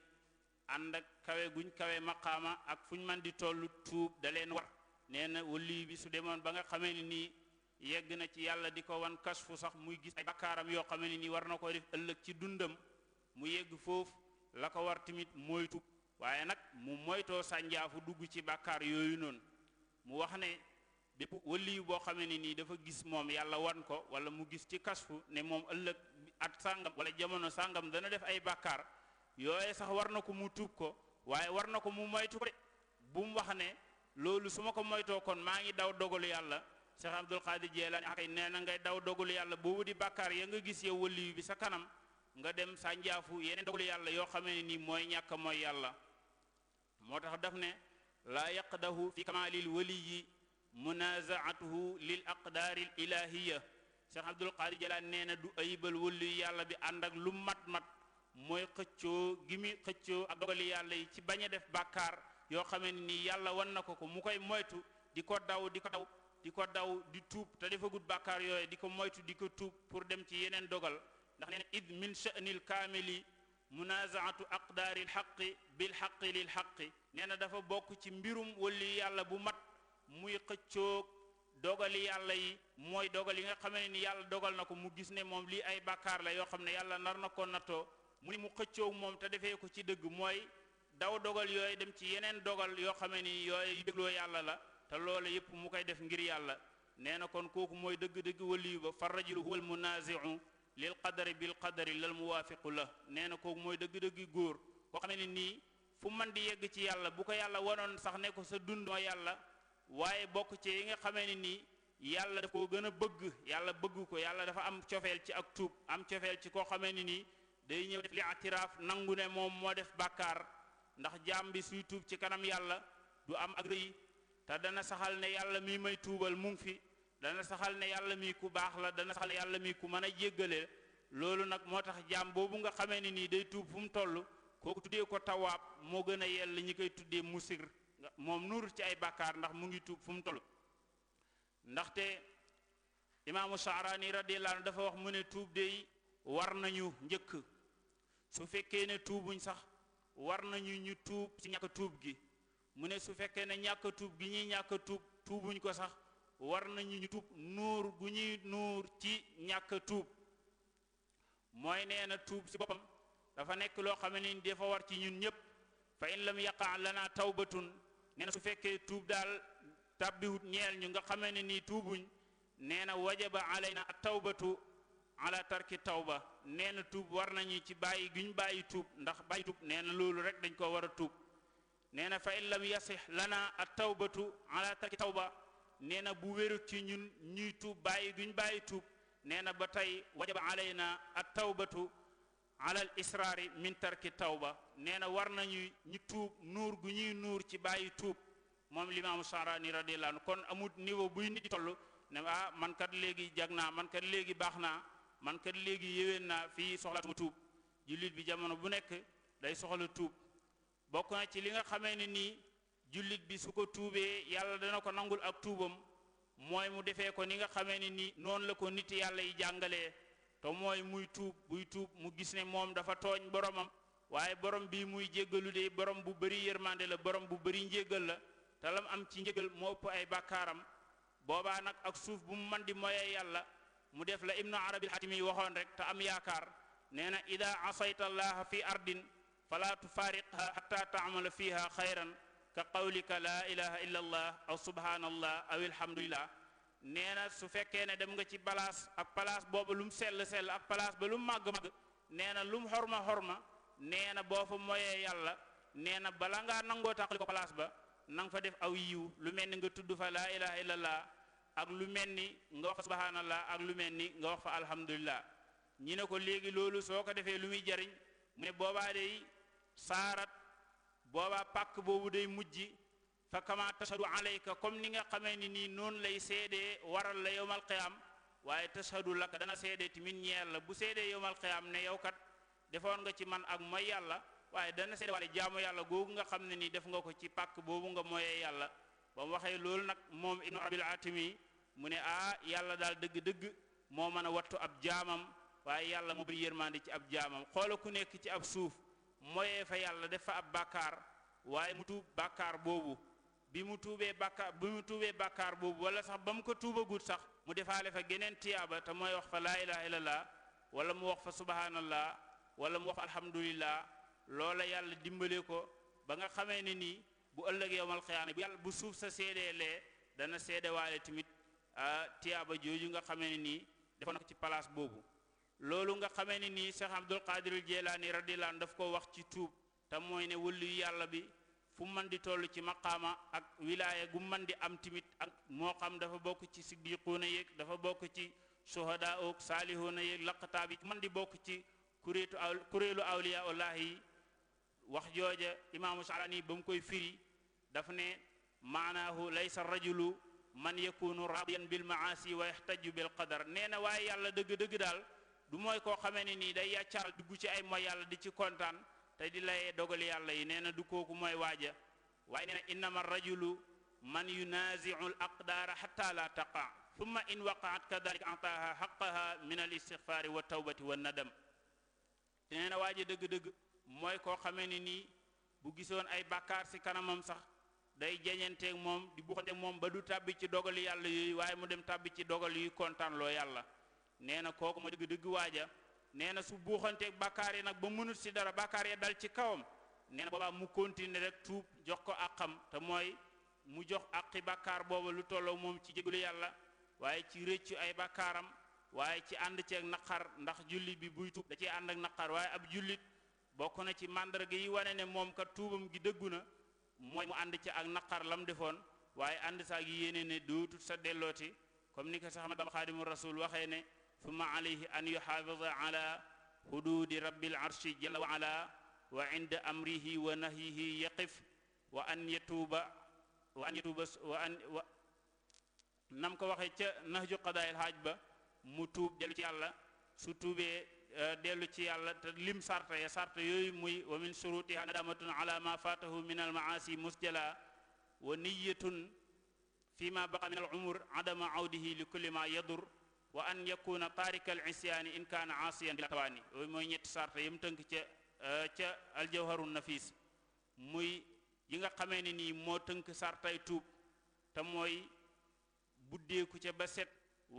ànd ak kawe guñ kawe maqaama ak fuñ man di toll tuub da leen war nee na wali bi su demoon ba nga xamee ni nii yegg na ci yàlla di ko wan kas fu sax muy gis ay bakkaaram yoo xamee ni nii war na ko def ëllëg ci dundam mu yegg foofu la ko war tamit moytu waaye nag mu moytoo sànjaafu dugg ci bakkaar yooyu noonu mu wax ne bépp wëliyu boo xamee ne nii dafa gis moom yàlla wan ko wala mu gis ci kasfu ne moom ëllëg at sàngam wala jamono sàngam dana def ay bàkkaar yooye sax war na ko mu tuub ko waaye war na ko mu moytu ko de bu mu wax ne loolu su ma ko moytoo kon maa ngi daw dogalu yàlla Cheikh Abdul Qadir Jeelaani ak nee na ngay daw dogalu yàlla boobu di bàkkaar ya nga gis yow wëliyu bi sa kanam nga dem sànjaafu yeneen dogalu yàlla yoo xamee ne nii mooy ñàkk mooy yàlla moo tax daf ne laa yaqdahu fi kamaalil waliyi munazaatuhu lil aqdaari l ilahiya cheikh abdul qadir jalaan nee na du ayibal wëllu yàlla bi ànd ak lu mat-mat mooy xëccoo gi muy xëccoo ak dogali yàlla yi ci bañ a def bàkkaar yoo xamee ni yàlla wan na ko ko mu koy moytu di ko daw di ko daw di ko daw di tuub te defagut bàkkaar yooyu di ko moytu di ko tuub pour dem ci yeneen dogal ndax nee na id min sha'nil kaamili munazaatu aqdaari lxaqi bilxaqi lilxaqi nee na dafa bokk ci mbirum wëllu yàlla bu mat muy xëccoog dogali yàlla yi mooy dogal yi nga xamee ni yàlla dogal na ko mu gis ne moom lii ay bàkkaar la yoo xam ne yàlla nar na ko nattoo mu ni mu xëccoog moom te defee ko ci dëgg mooy daw dogal yooyu dem ci yeneen dogal yoo xamee ni yooyu dégloo yàlla la te loole yëpp mu koy def ngir yàlla nee na kon kooku mooy dëgg-dëgg waliyu ba fa rajulu huwa almunaziu lil qadari bil qadari lal muwaafiqu la nee na kooku mooy dëgg-dëgg góor koo xamee ni nii fu man di yegg ci yàlla bu ko yàlla wanoon sax ne ko sa dund mooy yàlla waaye bokk ci yi nga xamee ne nii yàlla daf ko gën a bëgg yàlla bëgg ko yàlla dafa am cofeel ci ak tuub am cofeel ci koo xamee ne nii day ñëw def li atiraaf nangu ne moom moo def bàkkaar ndax jaam bi suy tuub ci kanam yàlla du am ak rëy te dana saxal ne yàlla mii may tuubal mu ngi fi dana saxal ne yàlla mii ku baax la dana saxal ne yàlla mii ku mën a jéggale loolu nag moo tax jaam boobu nga xamee ne nii day tuub fu mu toll kooku tuddee ko tawaab moo gën a yell ñi koy tuddee musir moom nuur ci ay bàkkaar ndax mu ngi tuub fu mu toll ndaxte imaamu saaraani radiyallahu anhu dafa wax mu ne tuub dey war nañu njëkk su fekkee ne tuubuñ sax war nañu ñu tuub ci ñàkk tuub gi mu ne su fekkee ne ñàkk tuub gi ñuy ñàkk tuub tuubuñ ko sax war nañu ñu tuub nuur gu ñuy nuur ci ñàkk tuub mooy nee na tuub si boppam dafa nekk loo xam ne ni dafa war ci ñun ñëpp fa in lam yaqa lana tawbatun nee na su fekkee tuub daal tabbiwut ñeel ñu nga xamee ne nii tuubuñ nee na wajaba alayna tawbatu ala tarki tawba nee na tuub war nañu ci bàyyi gi ñu bàyyi tuub ndax bàyyi tuub nee na loolu rek dañ koo war a tuub nee na fa in lam yasix lana tawbatu ala tarki tawba nee na bu wérut ci ñu ñuy tuub bàyyi gi ñu bàyyi tuub nee na ba tey wajaba alayna tawbatu alal israari mintarki tarki tawba nee na war nañu ñu tuub nuur gu ñuy nuur ci bàyyi tuub moom limaamu Sharani radiyallahu anhu kon amul niveau buy nit toll ne ah man kat léegi jag naa man kat léegi baax naa man kat léegi yéwén naa fii soxlaatuma tuub jullit bi jamono bu nekk day soxla tuub bokk na ci li nga xamee ni nii jullit bi su ko tuubee yàlla dana ko nangul ak tuubam mooy mu defee ko ni nga xamee ni nii noonu la ko nit yàlla yi jàngalee. te mooy muy tuub buy mu gis ne moom dafa tooñ boromam waaye borom bii muy jéggalu de borom bu bëri yërmande la borom bu bëri njéggal la te lam am ci njégal moo ëpp ay bakkaaram boobaa nag ak suuf bu mu man di moyee yàlla mu def la ibnu arabil xatimi waxoon rek te am yaakaar nee na ida asayta allaha fi ardin fala tufaariqha xata taamala fiha xayran ka qawlika la ilaha illa aw subhanallah aw alhamdulillah nee na su fekkee ne dem nga ci palaas ak palaas boobu lu mu sell sell ak palaas ba lu mu màgg-màgg nee na lu mu xorma xorma nee na boo fa moyee yàlla nee na bala ngaa nangoo taxali ko palaas ba na fa def aw yiw lu mel ni nga tudd fa laa ilaha laa ak lu mel ni nga wax fa subhanallah ak lu mel ni nga wax fa alhamdulillah ñi ne ko léegi loolu soo ko defee lu muy jariñ mu ne boobaa day saarat boobaa pàkk boobu day mujj fa kama tashhadu alayka comme ni nga xamee ni nii noonu lay seedee waral la yowmal qiyaam waaye tashhadu lakk dana seedee tamit ñeel la bu seedee yowmal qiyaam ne yow kat defoon nga ci man ak mooy yàlla waaye dana seede wala jaamu yàlla googu nga xam ne nii def nga ko ci pàkk boobu nga mooyee yàlla ba mu waxee loolu nag moom ibnu abil atimi mu ne ah yàlla daal dëgg-dëgg moo mën a wattu ab jaamam waaye yàlla mu bëri yërmande ci ab jaamam xoola ku nekk ci ab suuf mooyee fa yàlla def fa ab bàkkaar waaye mu boobu bi mu tuubee bàkkaar bi mu tuubee bàkkaar boobu wala sax ba mu ko tuubagut sax mu defaale fa geneen tiyaaba te mooy wax fa laa ilaha illallah wala mu wax fa subhanallah wala mu wax alhamdulillah loola yàlla dimbale ko ba nga xamee ne nii bu ëllëg yowmal xiyaana bu yàlla bu suuf sa seedeelee dana seedewaale tamit ah, tiyaaba jooju nga xamee nii defoon na ci place boobu loolu nga xamee ne nii Cheikh Abdul Qadiril Jeelaani radiyallahu anhu daf ko wax ci tuub te mooy ne wëllu yàlla bi fu man di toll ci maqaama ak wilaaya gu man di am timit ak moo xam dafa bokk ci siddiquuna yéeg dafa bokk ci suhadaa oog saalihuuna yéeg laqataab yi man di bokk ci kuréetu aw awliya ullaah wax jooja imaamu Sha'rani ba mu koy firi daf ne maanaahu laysa rajulu man yakunu radiyan bil maasi wa yaxtaju bil qadar nee na waaye yàlla dëgg-dëgg daal du mooy koo xamee ne nii day yàccaal dugg ci ay mooy yàlla di ci kontaan te di lay dogal yàlla yi nee na du kooku mooy waaja waaye nee na innama rajulu man yunaziu l aqdaara xata la taqa ma in waqaat kadalika ataaha xaqaha min al istixfaari wa tawbati wa nadam te nee na waaja dëgg-dëgg mooy koo xamee ne nii bu gisoon ay bàkkaar si kanamam sax day jañanteeg moom di buxante moom ba du tàbbi ci dogal yàlla yooyu waaye mu dem tàbbi ci dogal yuy kontaan loo yàlla nee kooku mooy dëgg-dëgg waaja nee na su buuxanteeg bàkkaar yi nag ba mënut si dara bàkkaar ya dal ci kawam nee na mu continuer rek tuub jox ko àqam te mooy mu jox àqi bàkkaar booba lu tolloo moom ci jégalu yàlla waaye ci rëccu ay bakaaram waaye ci ànd ceeg naqar ndax jullit bi buy tuub da ciy ànd ak naqar waaye ab jullit bokk na ci màndarga yi wane ne moom kat tuubam gi dëggu na mooy mu ànd ci ak naqar lam defoon waaye ànd saak yéene ne dootut sa dellooti comme ni ko sax ma dama xaadimu rasul waxee ne summa alayhi an yuxaafida ala xuduudi rabbil arshi jalla wa ala wa inda amrihi wa nahyihi yaqif wa an yatuuba wa an yatuuba wa an wa nam ko waxee ca nahju qadaayil haaj ba mu tuub dellu ci yàlla su tuubee euh, dellu ci yàlla te lim sarta ya sarta yooyu muy wa min shurutiha nadamatun ala ma faatahu min al maasi musjala wa niyatun fi ma baqa min al umur adama awdihi li kulli ma yadur wa an yakuna taarika al isyaani in kaana aasiyan bila tawaani mooy ñetti sart yi mu tënk ca e, ca aljawharu nafis muy yi nga xamee ne nii moo tënk sartay tuub te mooy buddeeku ca ba set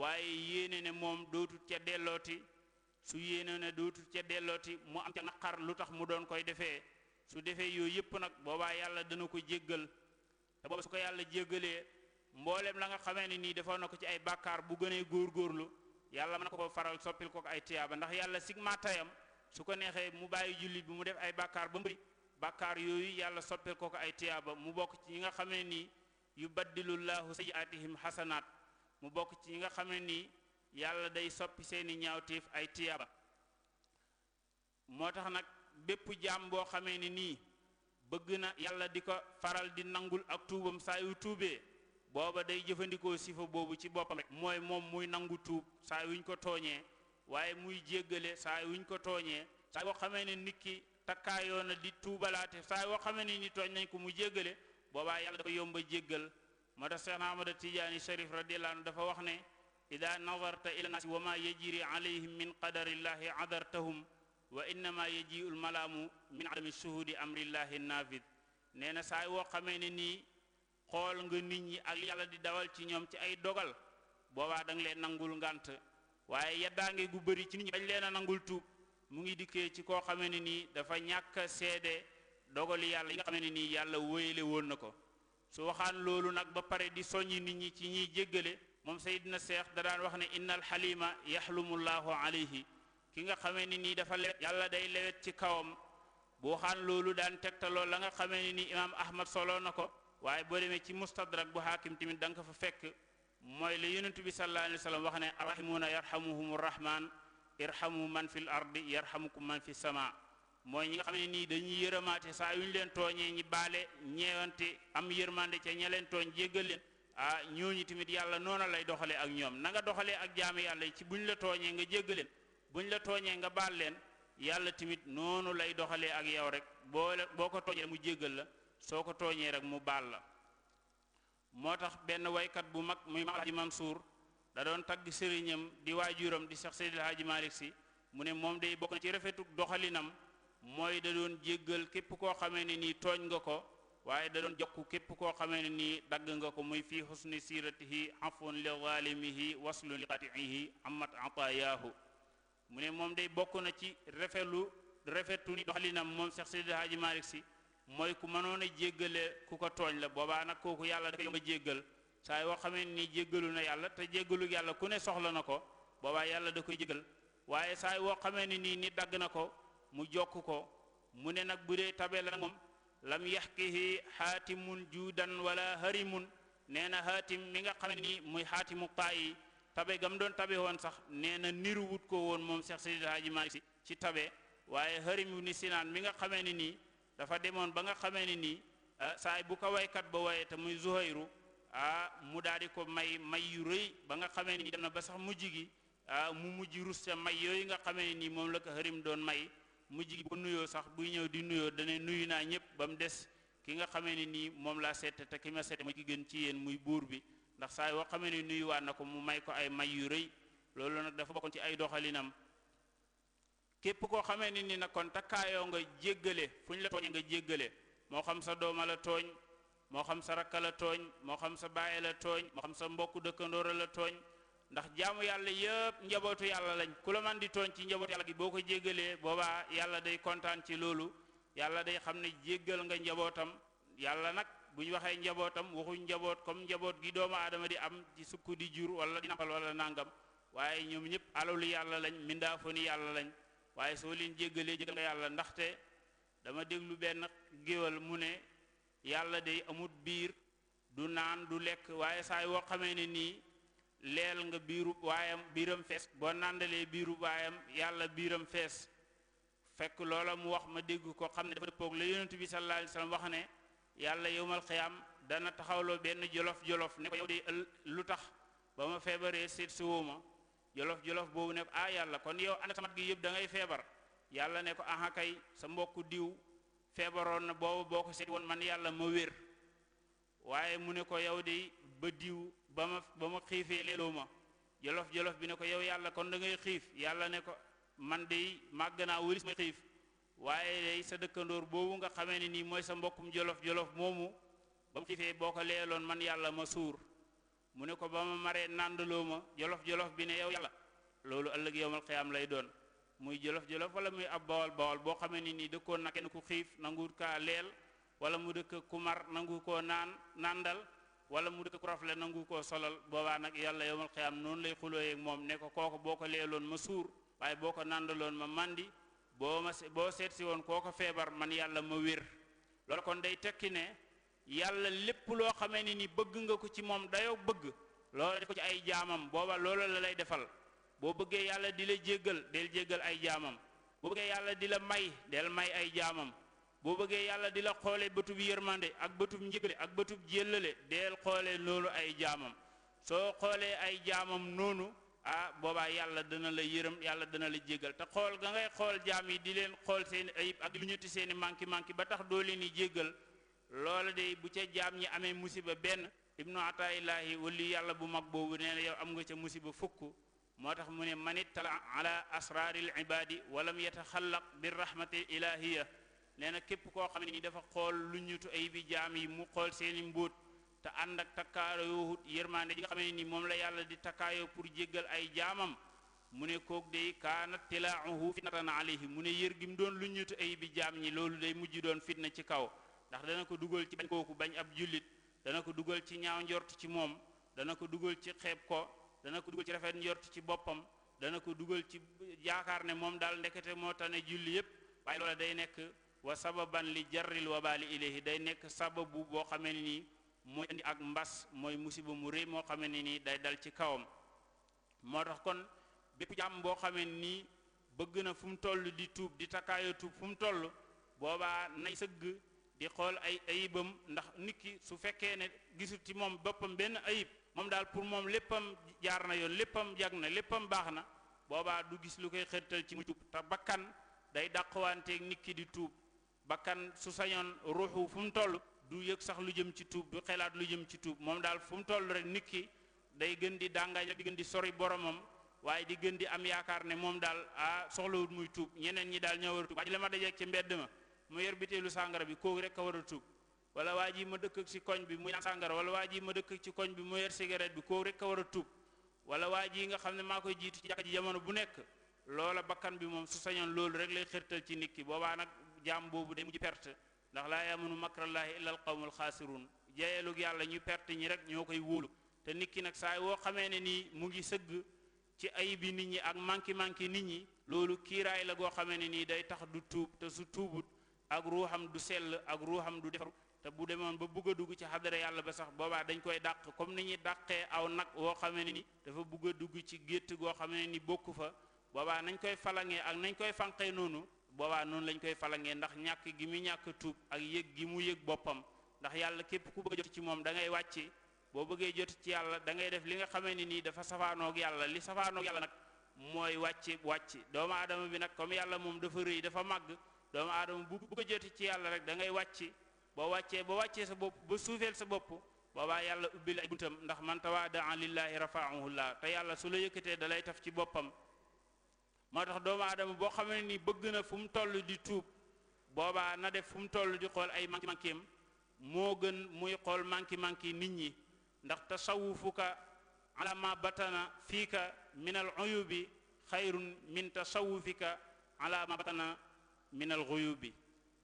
waaye yéene ne moom dootul ca dellooti su yéenee ne dootul ca dellooti mu am ca naqar lu tax mu doon koy defee su defee yooyu yëpp nag boobaa yàlla dana ko jéggal te booba su ko yàlla jéggalee mboolem la nga xamee ne nii defoon na ko ci ay bàkkaar bu góor góorgóorlu yàlla mën na ko faral soppil ko ay tiyaaba ndax yàlla sigma tayam su ko neexee mu bàyyi jullit bi mu def ay bakkaar ba mbëri bàkkaar yooyu yàlla soppil ko ay tiyaaba mu bokk ci ñi nga xamee nii yu baddilullahu sayiatihim xasanaat mu bokk ci ñi nga xamee nii yàlla day soppi seeni ñaawteef ay tiyaaba moo tax nag bépp jaam boo xamee ni nii bëgg na yàlla di ko faral di nangul ak tuubam saa yu tuubee booba day jëfandikoo sifa boobu ci boppam rek mooy moom muy nangu tuub saa yuñ ko tooñee waaye muy jéggale saa yuñ ko tooñee saa yoo xamee ne nit ki takkaayoo na di tuubalaate saa yoo xamee ne ni tooñ nañ ko mu jéggale boobaa yàlla dafa yomba jéggal moo tax Cheikh Ahmada Tijaani Sharif radiyallahu anhu dafa wax ne ida nazarta ila naasi wa ma yajri alayhim min qadarillahi adartahum wa innama yajiu lmalaamu min adami shuhudi amrillahi naafid nee na saa yoo xamee ne nii xool nga nit ñi ak yàlla di dawal ci ñoom ci ay dogal boobaa da nga leen nangul ngànt waaye yeddaange gu bëri ci nit ñi dañ leen a nangul tuub mu ngi dikkee ci koo xamee nii dafa ñàkk a seede yàlla yi nga nii yàlla wéyale woon na ko su waxaan loolu nag ba pare di soññi nit ñi ci ñiy jéggale moom Seydina Seex da daan wax ne innal xalima yaxlumullaahu alayhi ki nga xamee ne nii dafa lewet yàlla day lewet ci kawam bu waxaan loolu daan tegtaloo la nga xamee ne nii imaam Ahmad solo na ko waaye boo demee ci mustadrak bu xaakim tamit da nga ko fa fekk mooy li yonent na sallallahu alayhi wa wax ne arrahimuuna yarhamuhum rahman irhamu man fil ardi yarhamukum man fi sama mooy ñi nga xam ne nii dañuy yërëmaate saa yu ñu leen tooñee ñi baale ñeewante am yërmande ca ña leen tooñ jéggal leen ah ñooñu tamit yàlla noona lay doxalee ak ñoom nanga nga doxalee ak jaami yàlla ci bu ñu la tooñee nga jéggal leen buñ la tooñee nga baal leen yàlla tamit noonu lay doxalee ak yow rek boo boo ko tooñee mu jéggal la soo ko tooñee rek mu baal la moo tax benn waykat bu mag muy Alaaji Mansuur da doon tagg sëriñam di waajuram di Seex Seydil Haaji Malik Si mu ne moom day bokk na ci rafetuk doxalinam mooy da doon képp koo xamee ne nii tooñ nga ko waaye da doon képp koo xamee nii dagg nga ko muy fii husni siratihi afun li zalimihi waslun li qatiihi amat atayaahu mu ne moom day bokk na ci rafetlu rafetu doxalinam moom Seex Seydil Haaji Malik Si mooy ku mënoon a jéggale ku ko tooñ la boobaa nag kooku yàlla dafa yomb a jéggal saa yoo xamee ni jéggalu na yàlla te jéggalu yàlla ku ne soxla na ko boobaa yàlla da koy jéggal waaye saa woo xamee ni nii ni dagg na ko mu jokk ko mu ne nag bu dee tabe la moom lam yaxkihi xaatimun juudan wala harimun nee na xaatim mi nga xamee ni muy xaatimu paa yi tabe gam doon tabe woon sax nee na niru wut ko woon moom Cheikh Seydi Hadji Malick si ci tabe waaye harimu dafa demoon ba nga xamee ne nii ah, saay bu ko waykat ba waye te muy Zuhayru ah mu daal di ko may may yu rëy ba nga xamee ni dem na ba sax mujj gi ah mu mujj rus te yooyu nga xamee ni moom la ko xërim doon may mujj gi bu nuyoo sax buy ñëw di nuyoo dane nuyu naa ñëpp ba mu des ki nga xamee ne nii moom laa seet te ki ma seet ma jigéen ci yéen muy buur bi ndax saay boo xamee nuyu waat na ko mu may ko ay may yu rëy loolu nag dafa bokkoon ci ay doxalinam képp koo xamee ni ni nag kon takkaayoo nga jéggale fu ñu la tooñ nga jéggale moo xam sa dooma la tooñ moo xam sa rakka la tooñ moo xam sa baaye la tooñ moo xam sa mbokku dëkkandoora la tooñ ndax jaamu yàlla yëpp njabootu yàlla lañ ku la man di tooñ ci njaboot yàlla gi boo ko jéggalee boobaa yàlla day kontaan ci loolu yàlla day xam ne jéggal nga njabootam yàlla nag bu ñu waxee njabootam waxuñ njaboot comme njaboot gi doomu aadama di am ci sukk di jur wala di nampal wala nangam waaye ñoom ñëpp alalu yàlla lañ mindaafu yàlla lañ waaye soo leen jéggalee jéggal nga yàlla ndaxte dama déglu benn géwal mu ne yàlla day amut biir du naan du lekk waaye saa yoo xamee ne nii leel nga biiru waayam biiram fees boo nàndalee biiru waayam yàlla biiram fees fekk loola mu wax ma dégg ko xam ne dafa dëppoog la yonent bi sallallahu alayhi wasallam wax ne yàlla yowmal xiyaam dana taxawloo benn jolof jolof ne ko yow de lu tax ba ma feebaree seet si woo ma jolof-jolof boobu ne ah yàlla kon yow ana samat yëpp da ngay feebar yàlla ne ko aha sa mbokk diw feebaroon na boobu boo ko seet man yàlla ma wér waaye mu ne ko yow de ba diw ba ma ba ma xiifee leeloo ma jolof-jolof bi ne ko yow yàlla kon da ngay xiif yàlla ne ko man de màgg naa wëris ma xiif waaye day sa dëkkandoor boobu nga xamee ni nii mooy sa mbokkum jolof-jolof moomu ba mu xiifee boo ko leeloon man yàlla ma suur mu ne ko ba ma maree nàndaloo ma jolof-jolof bi ne yow yàlla loolu ëllëg yowmal xiyaam lay doon muy jolof-jolof wala muy ab bawal bawal boo xamee ni nii dëkkoon nakke kenn ku xiif nanguur kaa leel wala mu dëkk ku mar nangu koo naan nàndal wala mu dëkk ku rafle nangu koo solal boobaa nag yàlla yowmal xiyaam noonu lay xulooyeeg moom ne ko kooku boo ko leeloon ma suur waaye boo ko nàndaloon ma màndi boo ma boo seet si woon koo ko feebar man yàlla ma wér loolu yàlla lépp loo xamee ne ni bëgg nga ko ci moom dayoo bëgg loola def ci ay jaamam booba loola la lay defal boo bëggee yàlla di la jéggal del jéggal ay jaamam boo bëggee yàlla di la may del may ay jaamam boo bëggee yàlla di la xoolee bëtub yërmande ak bëtub njëgale ak bëtub jéllale del xoolee loolu ay jaamam soo xoolee ay jaamam noonu ah boobaa yàlla dana la yërëm yàlla dina la jéggal te xool ga ngay xool jaam yi di leen xool seen ayib ak lu ñuti seen i manki ba tax doo leen i jéggal loola de bu ca jaam ñi amee musiba benn ibnu ataa illaahi wali yàlla bu mag boobu nee na yow am nga ca musiba fukk moo tax mu ne man ittala ala asraaril ibaadi walam yataxallaq bi rahmatil ilaahiya nee na képp koo xam ne ni dafa xool lu ñutu ay bi jaam yi mu xool seeni mbóot te ànd ak takkaayoo yërmande ji nga xam ne ni moom la yàlla di takkaayoo pour jéggal ay jaamam mu ne kook day kaana tilaahu na alayhi mu ne yër gi mu doon lu ñutu ay bi jaam ñi loolu day mujj doon fitna ci kaw ndax dana ko dugal ci bañ kooku bañ ab jullit dana ko dugal ci ñaaw njort ci moom dana ko dugal ci xeeb ko dana ko dugal ci rafet njort ci boppam dana ko dugal ci yaakaar ne moom daal ndekete moo tane julli yépp waaye loola day nekk wa sababan li jarril wabaali ilayhi day nekk sababu boo xamee nii mooy indi ak mbas mooy musiba mu rëy moo xamee ni nii day dal ci kawam moo tax kon bépp jàmm boo xamee nii bëgg na fu mu toll di tuub di takkaayoo fu mu toll boobaa nay di xool ay ayibam ndax nit ki su fekkee ne gisul ci moom boppam benn ayib moom daal pour moom léppam jaar na yoon léppam jag na léppam baax na boobaa du gis lu koy xërtal ci mu jub te bakkan day dàqwanteeg nit ki di tuub bakkan su sañoon ruuxu fu mu toll du yëg sax lu jëm ci tuub du xelaat lu jëm ci tuub moom daal fu mu toll rek nit ki day gën di dàngaaj di gën di sori boromam waaye di gën di am yaakaar ne moom daal ah soxlawut muy tuub ñeneen ñi daal ñoo a la ma dajeeg ci mbedd ma mu yor biteelu sàngara bi kooku rek ka war a tuub wala waa ji ma dëkk si koñ bi mu naan sàngara wala waa ji ma dëkk ci koñ bi mu yor cigarette bi kooku rek ka war a tuub wala waa ji nga xam ne maa koy jiitu ci jàkka ji jamono bu nekk loola bakkan bi moom su sañoon loolu rek lay xërtal ci nit ki boobaa nag jaam boobu day mujj perte ndax laa yamunu makrallahi illa al qawmul xaasiruun jayeelug yàlla ñu perte ñi rek ñoo koy wóolu te nit ki nag saay woo xamee ne nii mu ngi sëgg ci ay bi nit ñi ak manki manki nit ñi loolu kiiraay la goo xamee nii day tax du tuub te su tuubut ak ruuxam du sell ak ruuxam du defaru te bu demoon ba bugg a dugg ci xadara yàlla ba sax boobaa dañ koy dàq comme ni ñuy dàqee aw nag woo xamee ne ni dafa bugg a dugg ci gétt goo xamee ni bokku fa boobaa nañ koy falangee ak nañ koy fanqee noonu boobaa noonu lañ koy falangee ndax ñàkk gi mu ñàkk tuub ak yëg gi mu yëg boppam ndax yàlla képp ku bëgg ci moom da ngay wàcc boo bëggee jot ci yàlla da ngay def li nga xamee ni nii dafa safaanoog yàlla li safaanoog yàlla nag mooy wàcc wàcc doomu aadama bi nag comme yàlla moom dafa rëy dafa màgg doomu aadama bu bu ko joti ci yàlla rek dangay wàcc wàcci boo wàccee boo wàccee sa bopp ba suufeel sa bopp boobaa yàlla ubbil ay buntam ndax waa da lillahi rafaahullah te yàlla su la yëkkatee dalay lay taf ci boppam moo tax doomu aadama boo xam ne ni bëgg na fu mu toll di tuub boobaa na def fu mu toll di xool ay manki mankim moo gën muy xool manki manki nit ñi ndax tasawufuka ala ma batana fiika min al uyubi xayrun min tasawufika ala ma batana minal bi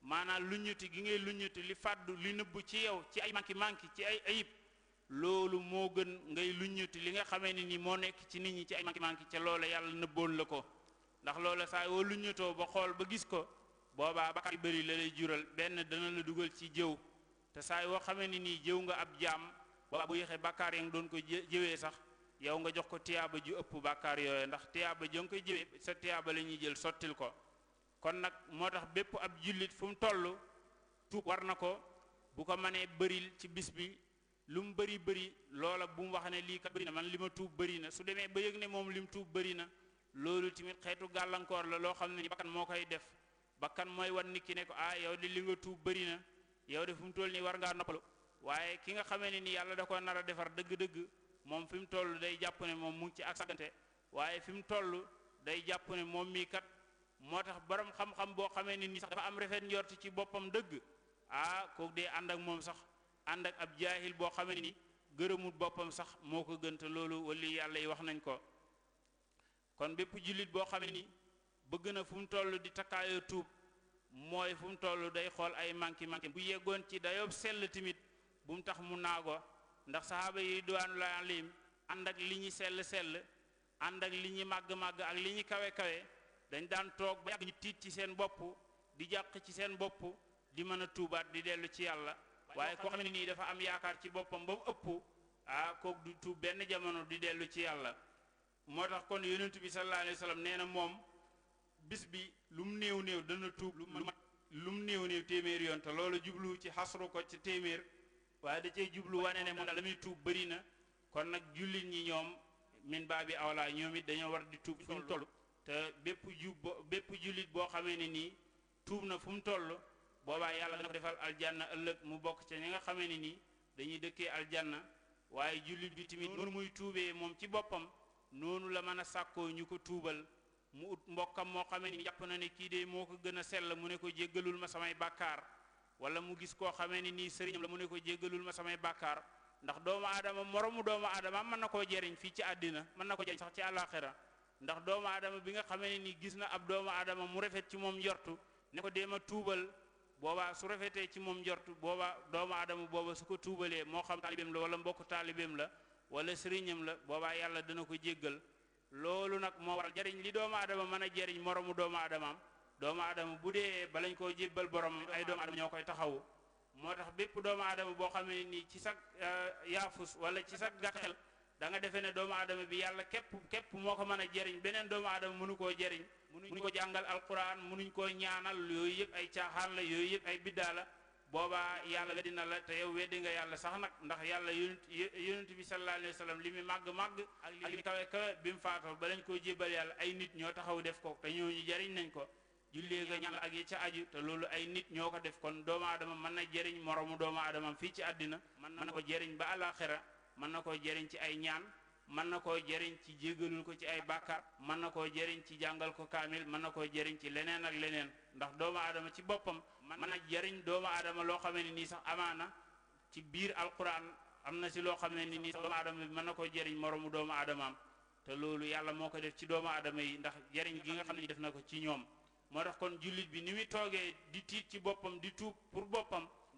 maanaam lu ñuti gi ngay lu ñuti li fàddu li nëbbu ci yow ci ay manki manki ci ay ayib loolu moo gën ngay lu ñuti li nga xamee ne ni moo nekk ci nit ñi ci ay manki manki ca loola yàlla nëbboon la ko ndax loola saay yoo lu ñutoo ba xool ba gis ko boobaa bakkaar yu bëri la lay jural benn dana la dugal ci jëw te saay woo xamee ni nii jëw nga ab jaam boobaa bu yéexee bakkaar ya nga doon ko jëwee sax yow nga jox ko tiyaaba ju ëpp bakkaar yooyu ndax tiyaaba ja nga koy jëwee sa tiyaaba la ñuy jël sottil ko kon nag moo tax bépp ab jullit fu mu toll tuub war na ko bu ko mënee bëril ci bis bi lu mu bëri bëri loola bu mu wax ne lii kat bëri na man li ma tuub bëri na su demee ba yëg ne moom li mu tuub bari na loolu tamit xeetu gàllankoor la loo xam ne bakkan moo koy def bakkan mooy wan nit ki ne ko ah yow di li nga tuub bëri na yow de fu mu toll nii war ngaa noppalu waaye ki nga xamee ne nii yàlla da ko nar a defar dëgg-dëgg moom fi mu toll day jàpp ne moom mu ci ak waaye fi mu toll day jàpp ne moom mii moo tax borom xam-xam boo xamee ni ni sax dafa am rafet njort ci boppam dëgg ah kooku dee ànd ak moom sax ànd ak ab jaayil boo xamee ni gërëmul boppam sax moo ko gënte loolu wala yàlla yi wax nañ ko kon bépp jullit boo xamee ni bëgg na fu mu toll di takkaayoo tuub mooy fu mu toll day xool ay manki manki bu yeggoon ci dayoob sell tamit bu mu tax mu naago ndax saxaaba yi diwaanullahi alayhim ànd ak li ñuy sell sell ànd ak li ñuy màgg màgg ak li ñuy kawe kawe dañ daan toog ba ñu tiit ci seen bopp di jàq ci seen bopp di mën a tuubaat di dellu ci yàlla waaye koo xam ne nii dafa am yaakaar ci boppam ba mu ëpp ah kook du tuub benn jamono di dellu ci yàlla moo tax kon yonent bi sallallahu alayhi wa sallam nee na moom bis bi lu mu néew néew dana tuub lu mu néew néew téeméer yoon te loolu jublu ci xasru ko ci téeméer waaye da cay jublu wane ne moom la muy tuub bëri na kon nag jullit ñi ñoom min baa bi awla ñoom it dañoo war di tuub fuñ te bépp ju bépp jullit boo xamee ne nii tuub na fu mu toll boobaa yàlla dana ko defal aljanna ëllëg mu bokk ca ñi nga xamee ne nii dañuy dëkkee aljanna waaye jullit bi tamit noonu muy tuubee moom ci boppam noonu la mën a sàkkoo ñu ko tuubal mu ut mbokkam moo xamee ni jàpp na ne kii de moo ko gën a sell mu ne ko jéggalul ma samay bàkkaar wala mu gis koo xamee ne nii sëriñam la mu ne ko jéggalul ma samay bàkkaar ndax doomu aadama moromu doomu aadama mën na koo jëriñ fii ci àddina mën na ko jëriñ ci àllaaxira ndax doomu aadama bi nga xamee ni gis na ab doomu aadama mu rafet ci moom njortu ne ko deema tuubal boobaa su rafetee ci moom njortu boobaa doomu aadama booba su ko tuubalee moo xam taalibeem la wala mbokk taalibeem la wala sëriñam la boobaa yàlla dana ko jéggal loolu nag moo waral jariñ li doomu aadama mën a jariñ moroomu doomu aadamaam doomu aadama bu dee balañ koo jébbal borom ay doomu aadama ñoo koy taxawu moo tax bépp doomu aadama boo xamee ni ci sag euh, yaafus wala ci sag gàttal da nga defee ne doomu aadama bi yàlla képp képp moo ko mën a jariñ beneen doomu aadama mënu koo jëriñ mënuñ ko jàngal alquran mënuñ koo ñaanal yooyu yëpp ay caaxaan la yooyu yëpp ay biddaa la boobaa yàlla weddi dina la te yow weddi nga yàlla sax nag ndax yàlla yonent yonent bi sallallahu alayhi wa li muy màgg màgg ak li kawe kawe bi mu faatoo ba lañ koo jébbal yàlla ay nit ñoo taxaw def ko te ñooñu jariñ nañ ko jullee nga ñaan ak yi ca aju te loolu ay nit ñoo ko def kon doomu aadama mën na jëriñ moroomu doomu aadama fii ci àddina mën mën na koo jëriñ ci ay ñaan man na koo jariñ ci jéggalul ko ci ay bàkkaar man na koo jëriñ ci jàngal ko kaamil mën na koo jëriñ ci leneen ak leneen ndax doomu aadama ci boppam man na jariñ doomu aadama loo xamee ne nii sax amaana ci biir alquran am na si loo xam ne nii doomu aadama bi mën na koo jëriñ moroomu doomu aadamaam te loolu yàlla moo ko def ci doomu aadama yi ndax jëriñ gi nga xam ne def na ko ci ñoom moo tax kon jullit bi ni muy toogee di tiit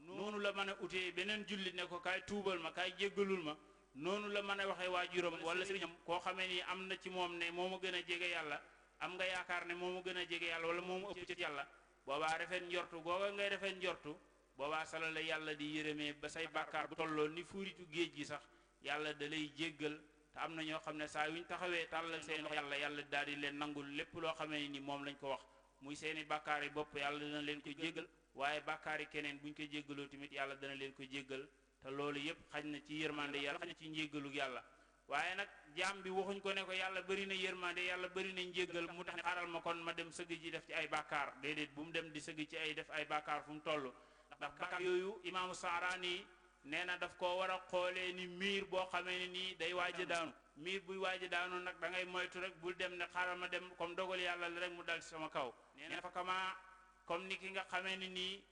noonu la mën a utee beneen jullit ne ko kaay tuubal ma kaay jéggalul ma noonu la mën a waxee waajuram wala sëriñam koo xamee ni am na ci moom ne moo ma gën a jege yàlla am nga yaakaar ne moo ma gën a jege yàlla wala moo ma ëpp ci yàlla boobaa refeen njortu googa ngay refeen njortu boobaa sala la yàlla di yërëmee ba say bàkkaar bu tolloo ni fuuritu géej gi sax yàlla da lay jéggal te am na ñoo xam ne saa yuñ taxawee tàllal seen yàlla yàlla daal di leen nangul lépp loo xamee ni moom lañ ko wax muy yàlla dina leen waaye yi keneen buñ ko jéggaloo tamit yàlla dana leen ko jéggal te loolu yépp xaj na ci yërmande yàlla xaj na ci njéggalu yàlla waaye nag jaam bi waxuñ ko ne ko yàlla bëri na yërmande yàlla bëri na njéggal mu tax ne xaaral ma kon ma dem sëgg ji def ci ay bàkkaar déedéet bu mu dem di sëgg ci ay def ay bàkkaar fu mu toll ndax bàkkaar yooyu imaamu saaraani nee na daf koo war a xoolee ni miir boo xamee ne nii day waaj a daanu miir buy waaj a daanu nag dangay moytu rek bul dem ne xaaral ma dem comme dogal yàlla rek mu dal sama kaw comme ni ki nga xamee ne nii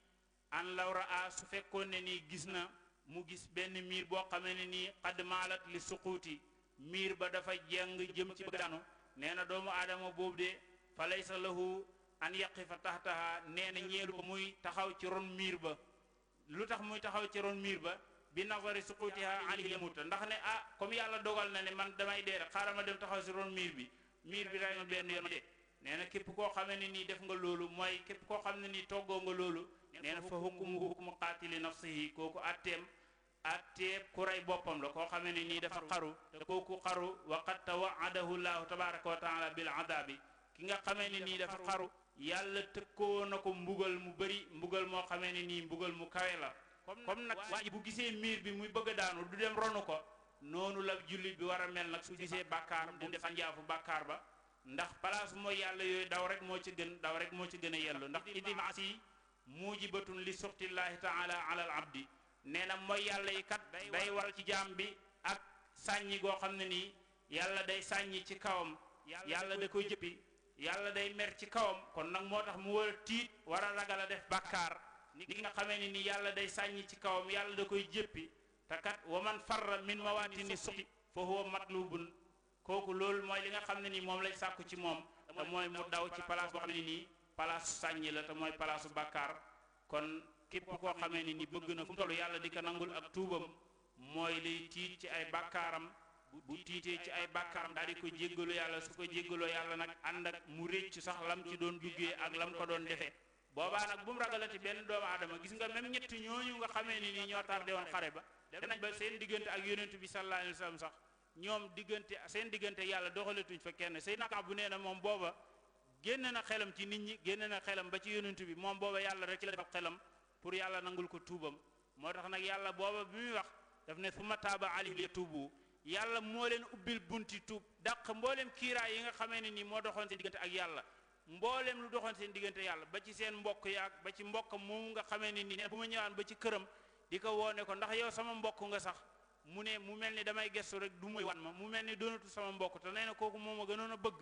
an lawra su fekkoon ne nii gis na mu gis benn miir boo xamee ne nii xadd maalat li suquuti miir ba dafa jeng jëm ci daanu nee na doomu aadama boobu de fa sa lahu an yaqi fa taxtaha nee na ñeelu muy taxaw ci ron miir ba lu tax muy taxaw ci ron miir ba bi nazari suqutiha ali yamuta ndax ne ah comme yàlla dogal na ne man damay dee rek xaaral ma dem taxaw ci ron miir bi miir bi ray benn yoon de nee na képp koo xamee ne nii def nga loolu mooy képp koo xam ne nii toggoo nga loolu nee na fa hukmu hukmu qaatili nafsihi kooku atteem atteeb ku boppam la koo xamee ne nii dafa xaru kooku xaru wa qad tawaadahu llahu tabaraka ki nga xamee ne nii dafa xaru yàlla tëkkoo na ko mbugal mu bëri mbugal moo xamee ne nii mbugal mu kawe la comme nag waa bu gisee miir bi muy bëgg a daanu du dem ronu ko noonu la jullit bi war a mel nag su gisee bàkkaar bu def njaafu bàkkaar ba ndax place mooy yàlla yooyu daw rek moo ci gën daw rek moo ci gën a yellu ndax iddimaas yi muujibatun li suxtillaahi taala ala al abdi nee na mooy yàlla yi kat day waral ci jaam bi ak sàññi goo xam ne nii yàlla day sàññi ci kawam yàlla da koy jëppi yàlla day mer ci kawam kon nag moo tax mu war a war a a def bàkkaar ni nga xamee ne ni yàlla day sàññi ci kawam yàlla da koy jëppi te kat waman kooku loolu mooy li nga xam ne nii moom lañ sàkku ci moom te mooy mu daw ci place boo xam ne nii place sàññi la te mooy palaasu su bàkkaar kon képp koo xamee ni nii bëgg na fu mu toll yàlla di ko nangul ak tuubam mooy lay tiit ci ay bàkkaaram bu tiitee ci ay bàkkaaram daal di ko jéggalu yàlla su ko jéggaloo yàlla nag ànd ak mu rëcc sax lam ci doon jugee ak lam ko doon defee boobaa nag bu mu ragalati benn doomu aadama gis nga même ñett ñooñu nga xamee ni nii ñoo tardé woon xare ba danañ ba seen diggante ak yonentu bi sallallahu alayhi wa sallam sax ñoom diggante seen diggante yàlla doxalatuñ fa kenn Seydina Kaab bu nee na moom booba génn na xelam ci nit ñi génn na xelam ba ci yonent bi moom booba yàlla rek ci la pour yàlla nangul ko tuubam moo tax nag yàlla booba bi muy wax daf ne summa taaba alayhim liyatuubu yàlla moo leen ubbil bunt yi tuub daq mboolem kiiraay yi nga xamee ne nii moo doxoon seen diggante ak yàlla mboolem lu doxoon seen diggante yàlla ba ci seen mbokk yaag ba ci mbokk moom nga xamee ne nii bu ma ñëwaan ba ci këram di ko woone ko ndax yow sama mbokk nga sax mu ne mu mel ni damay gestu rek du muy wan ma mu mel ni doonatu sama mbokk te nee na kooku moom a gënoon a bëgg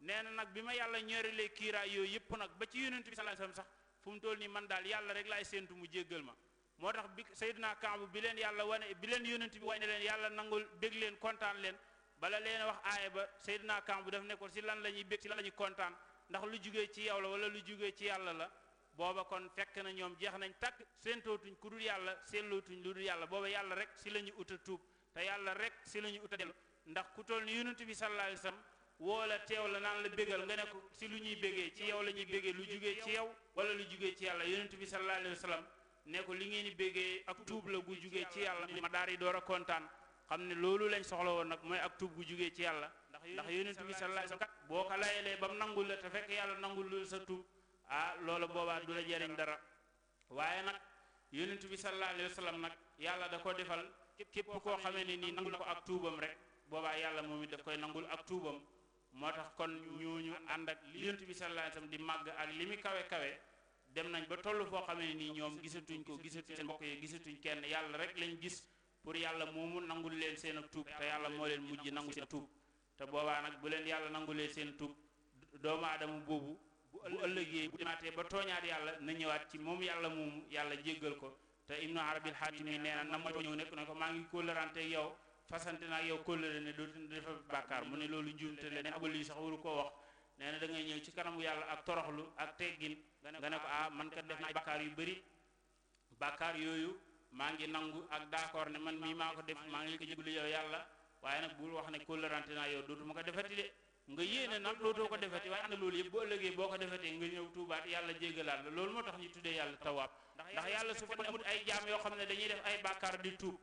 nee na nag bi ma yàlla ñoorilee kiiraay yooyu yëpp nag ba ci yonent bi sallallahu alayhi sax fu mu toll nii man daal yàlla rek laay séentu mu jéggal ma moo tax bi Seydina Kaabu bi leen yàlla wane bi leen yonent bi wane leen yàlla nangul bég leen kontaan leen bala leen wax aaya ba naa Kaabu daf nekkoo si lan la ñuy bég si lan la ñuy kontaan ndax lu jugee ci yow la wala lu jugee ci yàlla la booba kon fekk na ñoom jeex nañ tàkk séentootuñ ku dul yàlla seetlootuñ lu dul yàlla booba yàlla rek si la ñu ut a tuub te yàlla rek si la ñu ut a dellu ndax ku toll ni yonent bi sallallahu alayhi wasallam woo la teew la la bégal nga ne ko si lu ñuy bégee ci yow la ñuy bégee lu jugee ci yow wala lu jugee ci yàlla bi sallallahu alayhi wasallam ne ko li ngeen di bégee ak tuub la gu jugee ci yàlla ma daar yi door a kontaan xam ne loolu lañ soxla woon nag mooy ak tuub gu jugee ci yàlla ndax yonent bi sallallahu alayhi wasallam kat boo ko layalee ba mu nangul la te fekk yàlla nangul lu sa tuub ah loolu boobaa du la jëriñ dara waaye nag yonent bi sallallahu alayhi wa sallam nag yàlla da ko defal képp koo xamee ne nii nangu ko ak tuubam rek boobaa yàlla moom it daf koy nangul ak tuubam moo tax kon ñooñu ànd ak li yonent bi sallallahu alayhi wa sallam di màgg ak li mu kawe kawe dem nañ ba toll foo xamee nii ñoom gisatuñ ko gisatuñ seen mbokk yi gisatuñ kenn yàlla rek lañ gis pour yàlla moomu nangu leen seen ak tuub te yàlla moo leen mujj nangu seen tuub te boobaa nag bu leen yàlla nangulee seen tuub doomu aadama boobu bu ëllëgee bu demaatee ba tooñaat yàlla na ñëwaat ci moom yàlla moomu yàlla jéggal ko te ibnu arabil xaatim yi nee na na ma ñëw nekk na ko maa ngi kóllërante yow fasante naa yow kóllëre ne dootu defa bàkkaar mu ne loolu njuumte la ne abal yi sax waru koo wax nee na da ngay ñëw ci kanamu yàlla ak toroxlu ak teggin nga ne ko ah man kat def naa bàkkaar yu bari bàkkaar yooyu maa ngi nangu ak d'accord ne man mii maa ko def maa ngi ko jéglu yow yàlla waaye nag bul wax ne kóllërante naa yow dootuma ko defati de nga yéene nag dootoo ko defati waaye am na loolu yëpp bu ëllëgee boo ko defatee nga ñëw tuubaat yàlla jéggalaat la loolu moo tax ñu tuddee yàlla tawaab ndax yàlla su fa amul ay jaam yoo xam ne dañuy def ay bàkkaar di tuub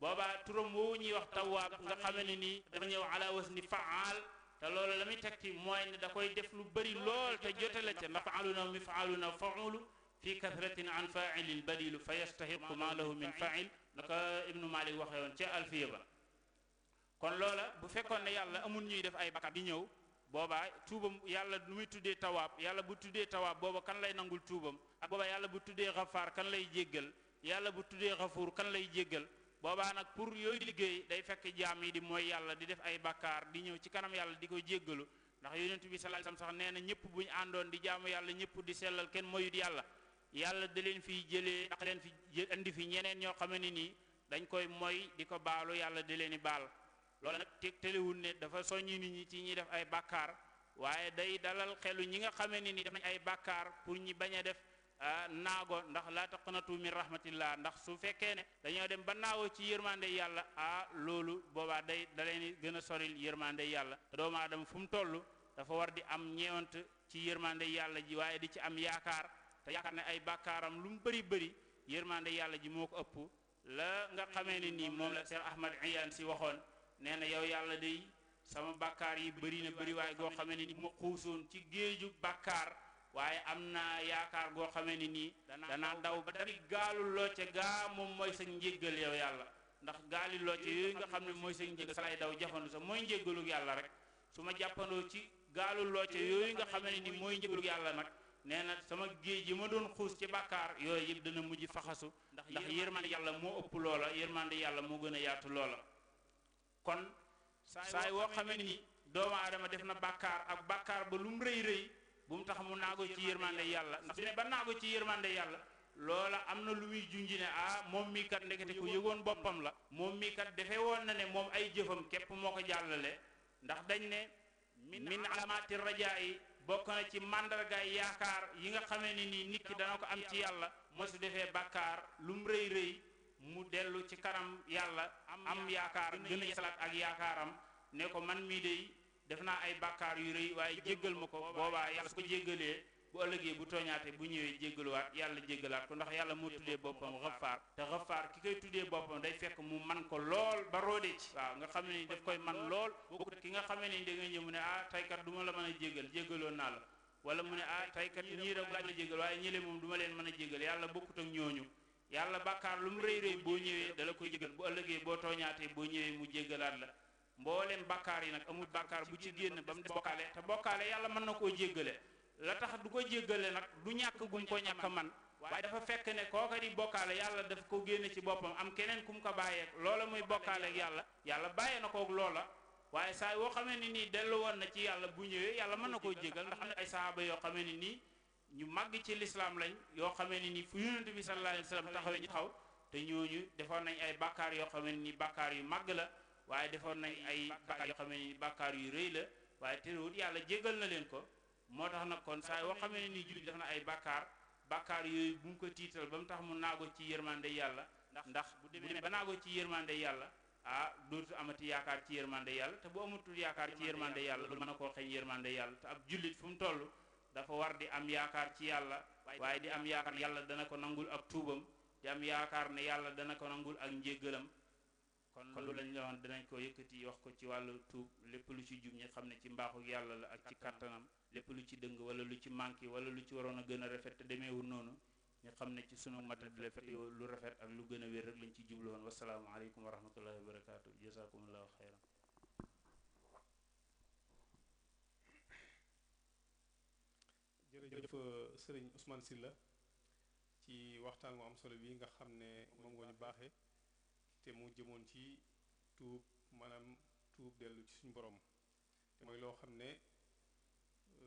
boobaa turam woowu ñuy wax tawaab nga xamee ne nii dafa ñëw ala te loolu la muy da koy def lu bëri lool te jote la ca mafaaluna mifaaluna faulu fi kathratin an faailil badilu fa yastahiqu ma lahu min fail naka ibnu malik waxee woon ca alfiya kon loola bu fekkoon ne yàlla amul ñuy def ay bakkaar di ñëw boobaa tuubam yàlla lu muy tuddee tawaab yàlla bu tuddee tawaab booba kan lay nangul tuubam ak boobaa yàlla bu tuddee xafaar kan lay jéggal yàlla bu tuddee xafuur kan lay jéggal boobaa nag pour yooyu liggéey day fekk jaam yi di mooy yàlla di def ay bakkaar di ñëw ci kanam yàlla di ko jéggalu ndax yonent bi sa alayhi wasallam sax nee na ñëpp bu ñu àndoon di jaamu yàlla ñëpp di sellal kenn moyut yàlla yàlla da leen fiy jëlee da leen fi indi fi ñeneen ñoo xam ne nii dañ koy moy di ko baalu yàlla di leen baal loolu nag teg telewul ne dafa soññi ni ñi ci ñuy def ay bàkkaar waaye day dalal xelu ñi nga xamee ni nii def ay bakkaar pour ñi bañ a def ah, naago ndax laa na min rahmatillah ndax su fekkee ne dañoo dem ba naawoo ci yërmande yàlla ah loolu boobaa day da leen gën a soril yërmande yàlla te doomu aadama fu mu toll dafa war di am ñeewant ci yërmande yàlla ji waaye di ci am yaakaar te yaakaar ne ay bakkaaram lu mu bëri bëri yërmande yàlla ji moo ko ëpp la nga xamee ni nii moom la Cheikh Ahmad Iyaan si waxoon nee na yow yàlla day sama bàkkaar yi bëri na bëri waaye goo xamee ne ni moo xuusoon ci géeju bàkkaar waaye am naa yaakaar goo xamee ne nii danaa daw ba dari gaalul looce gaa moom mooy sa njéggal yow yàlla ndax gaali looce yooyu nga xam ne mooy sa njéggal sa lay daw jafandu sa mooy njéggalug yàlla rek su ma jàppandoo ci gaalul looce yooyu nga xamee ne mooy njéggalug yàlla nag nee na sama géej yi ma doon xuus ci bàkkaar yooyu yëpp dana mujj faxasu ndax yërmande yàlla moo ëpp loola yërmande yàlla moo gën a yaatu loola kon saay woo xamee ni doomu aadama def na bàkkaar ak bàkkaar ba lu mu rëy rëy bu mu tax mu naago ci yërmande yàlla ndax su ne ba naago ci yërmande yàlla loola am na lu muy junji ne ah moom miikat kat ndekete ku yëgoon boppam la moom miikat kat defee woon na ne moom ay jëfam képp moo ko jàllale ndax dañ ne min alaamaati rajaa yi bokk na ci màndargaay yaakaar yi nga xamee ni nii nit ki dana ko am ci yàlla moo su defee bàkkaar lu mu rëy rëy mu dellu ci kanam yàlla am yaakaar gën a yasalaat ak yaakaaram ne ko man mii dey def naa ay bàkkaar yu rëy waaye jéggal ma ko boobaa yàlla su ko jéggalee bu ëllëgee bu tooñaate bu ñëwee jéggaluwaat yàlla jéggalaat ko ndax yàlla moo tuddee boppam xafaar te xafaar ki koy tuddee boppam day fekk mu man ko lool ba roode ci waaw nga xam ne daf koy man lool bokkut ki nga xamee ne da nga ñëw mu ne ah taykat du ma la mën a jéggal jéggaloon naa la wala mu ne ah taykat ñii a jéggal waaye ñële moom du ma leen mën a jéggal yàlla bokkut ak ñooñu yàlla bàkkaar lu mu réy rëy boo ñëwee dala koy jéggal bu ëllëgee boo tooñaatee boo ñëwee mu jéggalaat la mbooleem bàkkaar yi nag amul bàkkaar bu ci génn ba mu def bokkaale te bokkaale yàlla mën na koo jéggale la tax du ko jéggale nag du ñàkk guñ ko ñàkk man waaye dafa fekk ne kooka di bokkaale yàlla daf ko génn ci boppam am keneen ku mu ko bàyyeek loola muy bokkaale ak yàlla yàlla bàyyee na kook loola waaye saa yoo xamee ne nii dellu woon na ci yàlla bu ñëwee yàlla mën na koo jéggal ndax am na ay sahaaba yoo xamee ne nii ñu màgg ci lislaam lañ yoo xamee ne ni fu yonent bi sallallahu alayhi wa sallam taxawee ñu taxaw te ñooñu defoon nañ ay bàkkaar yoo xamee ne ni bàkkaar yu màgg la waaye defoon nañ ay bàkkaar yoo xamee ne ni bàkkaar yu rëy la waaye te terewut yàlla jégal na leen ko moo tax nag kon saa yoo xamee ne ni jullit def na ay bàkkaar bàkkaar yooyu bu mu ko tiital ba mu tax mu naago ci yërmande yàlla ndax ndax bu demee ba naago ci yërmande yàlla ah dootu amati yaakaar ci yërmande yàlla te bu amatul yaakaar ci yërmande yàlla loolu mën a koo xeeñ yërmande yàlla te ab fu mu toll dafa war di am yaakaar ci yàlla waaye di am yaakaar yàlla dana ko nangul ak tuubam di am yaakaar ne yàlla dana ko nangul ak njéggalam kon lu lañ la danañ ko yëkkati wax ko ci wàllu tuub lépp lu ci jub ñi xam ne ci mbaaxu yàlla la ak ci kattanam lépp lu ci dëng wala lu ci manqué wala lu ci waroon a gën a rafet te demeewul noonu ñu xam ne ci sunu matadi la fekk lu rafet ak lu gën a wér rek lañ ci jubloon woon wasalaamualeykum wa rahmatullahi wa barakaatu jazakumullahu xayran jërëjëf euh, sëriñ Ousmane Sylla ci waxtaan wu am solo bi nga xam ne moom nga ñu baaxee te mu jëmoon ci maanaam tuub dellu ci suñu borom mooy loo xam ne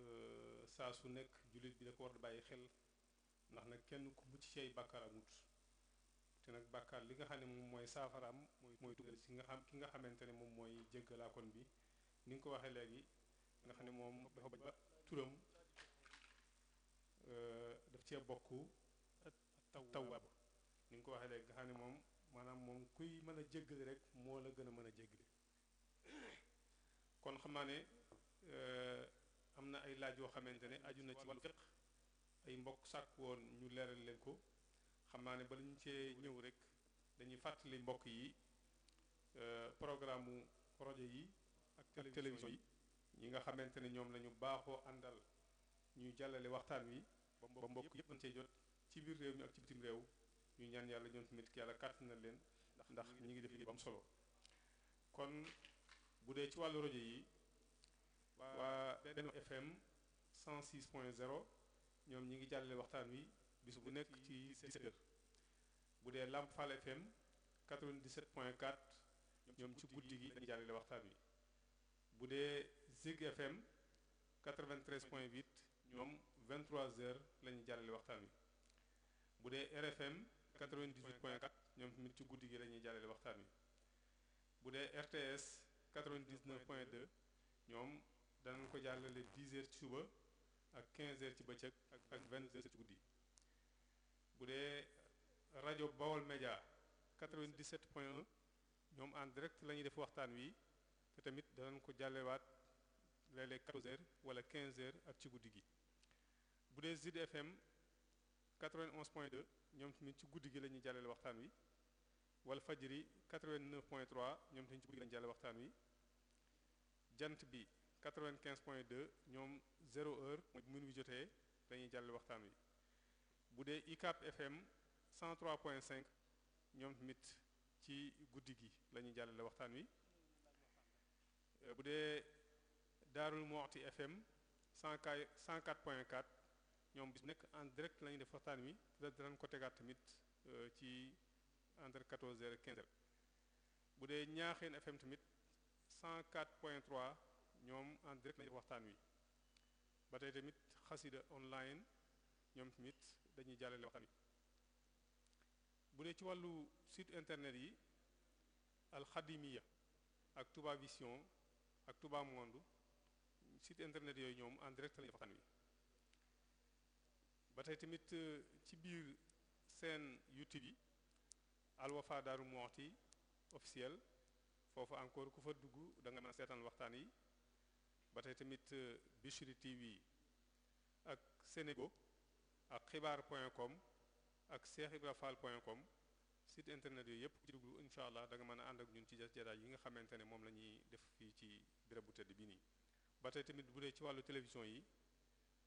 euh, saa su nekk jullit bi da ko bàyyi xel ndax nag kenn ku mucc ci ay bàkkaar nag bàkkaar li nga xam ne moom mooy saafaraam mooy mooy tuub nga xam ki nga xamante ne moom mooy jéggalaakoon bi ni nga ko waxee léegi nga xam ne moom dafa bañ ba turam Euh, def ceeb bokk taw ni nga ko waxee léegi nga xam moom maanaam moom kuy mën a jéggale rek moo la gën a mën a jéggale kon xam naa ne euh, am na ay laaj yoo xamante ne aju na ci wàllu fiq ay mbokk sàkk woon ñu leeral leen ko xam naa ne bala ñu cee ñëw rek dañuy fàttali mbokk yi euh, programme mu rajo yi ak télévision yi ñi nga xamante ne ñoom lañu ñu baaxoo àndal ñuy jàllale waxtaan wi ba mbokk yëpp mën cee jot ci biir réew mi ak ci bitim réew ñu ñaan yàlla ñoom tamit yàlla kàttan na leen ndax ndax ñu ngi def liggéey bu am solo kon bu dee ci wàllu rajo yi waa benn FM 106 point 0 ñoom ñi ngi jàllale waxtaan wi bis bu nekk ci 17 bu dee Lamp Fall FM 97 point 4 ñoom ci guddi gi dañuy jàllale waxtaan wi bu dee Zig FM 93 point 8 ñoom 23 heures la ñuy jàllale waxtaan wi bu dee RFM 98 point 4 ñoom tamit ci guddi gi lañuy ñuy jàllale waxtaan wi bu dee RTS 99 point 2 ñoom danañ ko jàllale 10 heures ci suba ak 15 heures ci bëccëg ak ak 20 heures ci guddi bu dee rajo Bawol Média 97 point ñoom en direct la ñuy def waxtaan wi te tamit danañ ko jàllewaat léeg-léeg 14 heures wala 15 heures ak ci guddi gi. bu dee Sud FM 91 point 2 ñoom tamit ci guddi gi la ñuy jàllale waxtaan wi wala fajiri 89 point ñoom tamit ci guddi gi la ñuy waxtaan wi jant bi 95 point ñoom 0 heure mooy bu minuit jotee la ñuy waxtaan wi bu dee ICAP FM point 5 ñoom tamit ci guddi gi lañuy ñuy waxtaan wi euh, bu dee Daarul Muxti FM ñoom bis nekk en direct lañu def waxtaan wi te danañ ko tegaat tamit euh, ci entre 14 heures et 15 heures bu dee Ñaaxeen FM tamit 104.3 ñoom en direct la def waxtaan wi ba tey tamit xasida online ñoom tamit dañuy jàllale waxtaan wi bu dee ci wàllu site internet yi alxadimiya ak Touba Vision ak Touba Monde site internet yooyu ñoom en direct la ñuy def waxtaan wi ba tey tamit euh, ci biir seen YouTube yi Al Wafa Darou Mouhty officiel foofu encore ku fa dugg da nga mën a seetaan waxtaan yi ba tey tamit euh, Bichri TV ak Senego ak xibaar point com ak cheikhibrafal point com site internet yooyu yëpp ci dugg incha allah danga mën a ànd ak ñun ci jataay yi nga xamante ne moom la ñuy def fii ci béréb bu tëdd bi nii ba tey tamit bu dee ci wàllu télévision yi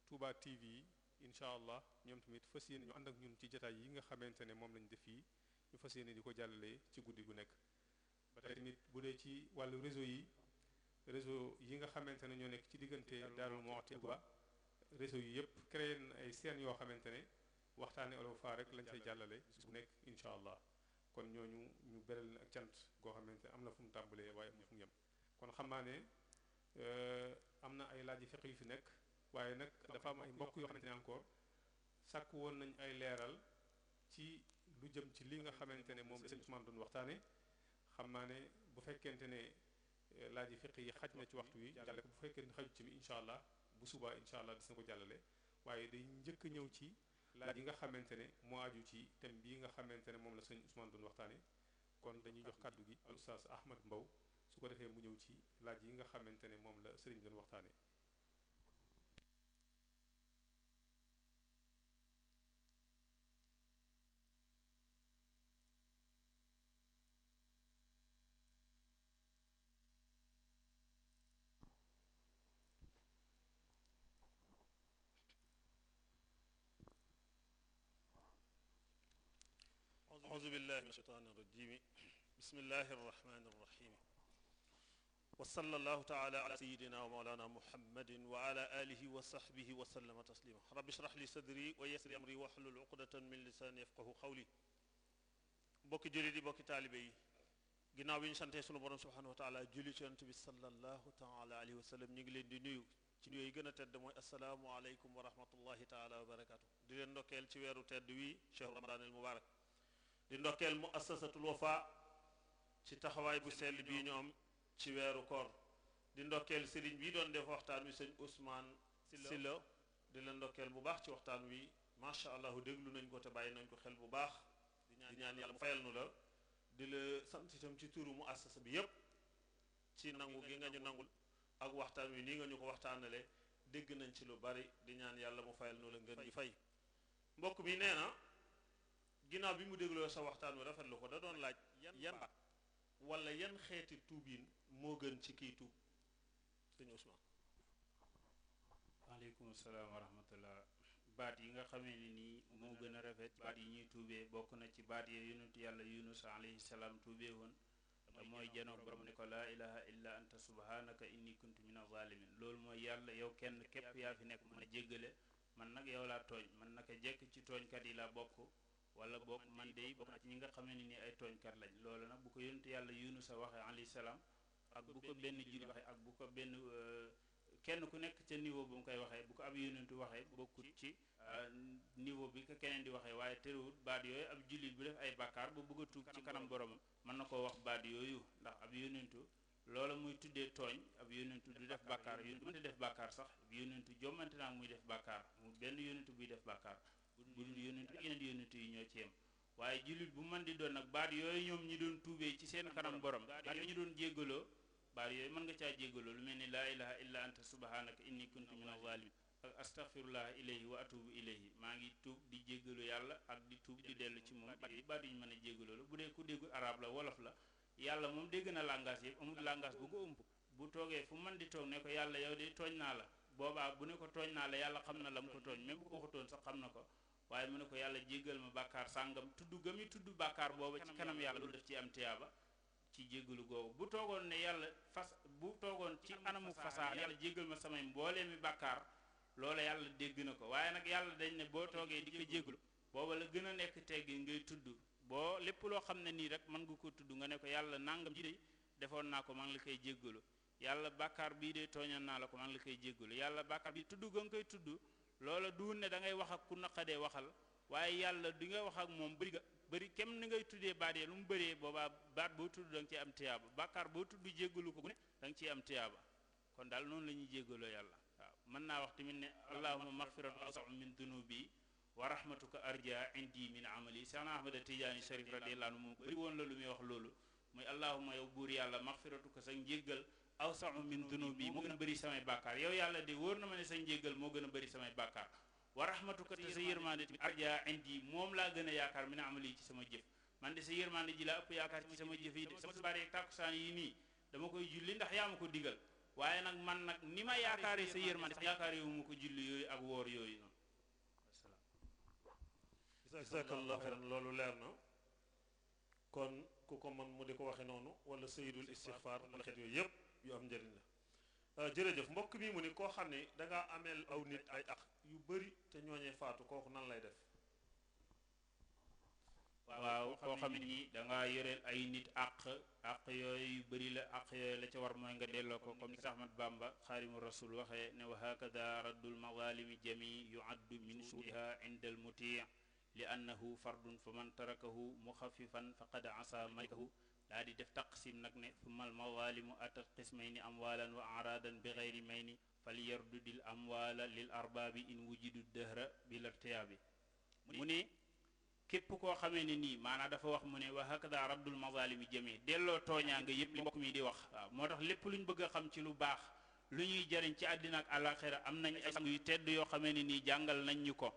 Touba TV incha allah ñoom tamit fas yéene ñu ànd ak ñun ci jataay yi nga xamante ne moom lañ def fii ñu fas yéene di ko jàllale ci guddi gu nekk ba tey tamit bu dee ci wàllu réseau yi réseau yi nga xamante ne ñoo nekk ci diggante Darou Moukhty ak ba réseau yi yëpp créé na ay seen yoo xamante ne waxtaane Olof Fall rek lañ fay jàllale su bu nekk incha allah kon ñooñu ñu beral na ak cant goo xamante ne am na fu mu tàmbalee waaye am na kon xam naa ne euh, am na ay laaj yu fiq yu fi nekk waaye nag dafa am ay mbokk yoo xamante ne encore sàkk woon nañ ay leeral ci lu jëm ci li nga xamante ne moom la sëñ doon waxtaane xam naa ne bu fekkente ne eh, laaj yi fiq yi xaj na ci waxtu wi jàllale bu fekkee ne xaju ci bi incha allah bu subaa incha allah dis jàllale waaye day njëkk ñëw ci laaj yi nga xamante ne moo aju ci thème bii nga xamante ne moom la sëñ Ousmane doon waxtaane kon dañuy jox kàddu gi al oustaz Ahmad Mbow su ko defee mu ñëw ci laaj yi nga xamante ne moom la sëriñ doon waxtaane أعوذ بالله من الشيطان الرجيم بسم الله الرحمن الرحيم وصلى الله تعالى على سيدنا ومولانا محمد وعلى آله وصحبه وسلم تسليما رب اشرح لي صدري ويسر أمري واحلل عقدة من لساني يفقه قولي bokki jullit yi bokki taalibe yi ginnaaw bi ñu santee sunu borom subhanahu wa taala julli ci yonent bi sallallahu taala alayhi wa sallam ñu ngi leen di nuyu ci nuyu yi gën a tedd mooy asalaamualeykum wa rahmatullahi taala wa barakatu di leen ndokkeel ci weeru tedd wi cheikh ramadan al mubarak di ndokkeel mu assasatul wafa ci taxawaay bu sell bii ñoom ci weeru koor di ndokkeel sëriñ bii doon def waxtaan wi sëñ Ousmane Sylla di la ndokkeel bu baax ci waxtaan wi macha allah déglu nañ ko te bàyyi nañ ko xel bu baax di ñaan yàlla mu fayal nu la di la sant ci turu mu bi yépp ci nangu gi nangul ak waxtaan wi nii nga ko waxtaanale dégg nañ ci lu bari di ñaan yàlla mu fayal nu la ngeen ñu fay mbokk bi nee ginnaaw bi mu dégloo sa waxtaan wi rafetlu ko da doon laaj yan baat wala yan xeeti tuubiin moo gën ci kii tuub sëñ Ousmane salaam wa baat yi nga xamee ni nii moo gën a rafet baat yi ñuy tuubee bokk na ci baat yi nu yàlla yunus alayhi salaam tuubee woon te mooy janoog borom ne ko laa ilaha illa anta subhanaka inni kuntu mina zalimin loolu mooy yàlla yow kenn képp yaa fi nekk mën a jéggale man nag yow laa tooñ man naka jekk ci tooñkat yi laa bokk wala boog man de bokk na ci ñi nga xam ni ni ay tooñkat lañ loolu nag bu ko yonent yàlla Yunusa waxee alayhi salaam ak bu ko benn julli waxee ak bu ko benn euh, kenn ku nekk ca niveau bu koy waxee bu ko ab yonentu waxee bokkut ci euh, niveau bi keneen di waxee waaye terewut baat yooyu ab jullit bu def ay bàkkaar bu bëgg a tuub ci kanam boromam mën na koo wax baat yooyu ndax ab yonentu loola muy tuddee tooñ ab yonentu du def bàkkaar yonentu mën def bàkkaar sax ab yonentu jommante naa muy def bàkkaar mu benn yonentu buy def bàkkaar bu dul yonent yeneen yonent yi ñoo ci yem waaye jullit bu mën di doon nag baat yooyu ñoom ñi doon tuubee ci seen kanam borom baat yooyu ñu doon jéggaloo baat yooyu mën nga caa jéggaloo lu mel ni laa ilaha illa anta subhanaka inni kuntu min azalimin ak astaghfirullah ilayhi wa atubu ilayhi maa a jéggaloo la bu dee ku déggul arab la wolof la yàlla moom dégg na langage yëpp amul langage bu ko ëmb bu toogee fu mën di toog ne ko yàlla yow de tooñ naa la boobaa bu ne ko tooñ naa la yàlla xam na la mu ko tooñ même bu ko waxutoon sax xam na ko waaye mu ne ko yàlla jéggal ma bàkkaar sàngam tudd ga mi tudd bàkkaar booba ci kanam yàlla loolu def ci am tiyaaba ci jéggalu googu bu toogoon ne yàlla fas bu toogoon ci anamu fasaa yàlla jéggal ma samay mboolee mi bàkkaar loola yàlla dégg na ko waaye nag yàlla dañ ne boo toogee di ko jéggalu booba la gën a nekk teggi ngay tudd boo lépp loo xam ne nii rek mën nga ko tudd nga ne ko yàlla nàngam ji de defoon naa ko maa ngi la koy jéggalu yàlla bàkkaar bii de tooñoon naa la ko maa la koy jéggalu yàlla bàkkaar bi tudd koy tudd loola du ne dangay ngay wax ak ku naqadee waxal waaye yàlla di nga wax ak moom bëri ka bëri kenn ni ngay tuddee baat yi lu mu bëree boobaa baat boo tudd danga nga am tiyaaba bàkkaar boo tudd jéggalu ko bu ne da nga ciy am tiyaaba kon daal noonu la ñuy jéggaloo yàlla waaw mën naa wax tamit ne allahuma maxfiratu asax min dunubi wa rahmatuka arja indi min amali Seexna Ahmada Tijaani Sharif radiyallahu anhu moom bëri woon la lu muy wax loolu muy allahuma yow buur yàlla maxfiratuka sa njéggal aw sa'u min dunubi moo gën a bëri samay bàkkaar yow yàlla de wóor na ma ne sa njéggal moo gën a bëri samay bàkkaar wa rahmatuka te sa yërmande tamit arja indi moom laa gën a yaakaar mi na amali ci sama jëf man de sa yërmande ji laa ëpp yaakaar ci sama jëf yi de sama subaaree tàkkusaan yi nii dama koy julli ndax yaa ma ko digal waaye nag man nag ni ma yaakaaree sa yërmande sax yaakaar yow ma ko julli yooyu ak woor yooyu noonu jazakallahu xeyran loolu leer na kon ku ko man mu di ko waxe noonu wala sayyidul istighfar wala yooyu yëpp yu am njëriñ la euh, jërëjëf mbokk mi mu ni koo xam ne dangaa ameel aw nit ay ak yu bëri te ñooñee faatu kooku nan lay def waaw koo xam ne nii dangaa yoreel ay nit àq àq yooyu yu bëri la àq yooyu la ca war mooy nga delloo ko comme ni Seex Ahmad Bamba xaarimu rasul waxee ne wa hakada raddul mazalimi jami yuaddu min suudiha inda al muti li annahu fardun fa man tarakahu muxafifan faqad asa malikahu laa di def taqsim nag ne summa al mawaalimu atat qismayni amwaalan wa araadan bi gayri mayni fal yardudil amwaala lil arbaabi in wujidu dëhra bi lartiyaabi mu ne képp koo xamee ne nii maanaam dafa wax mu ne wa hakada raddul mazalimi jëmee delloo tooñaa nga yëpp li mbokk mi di wax waaw moo tax lépp luñ bëgg a xam ci lu baax lu ñuy jariñ ci àddina ak àlaxira am nañ ay sang yu tedd yoo xamee ne nii jàngal nañ ñu ko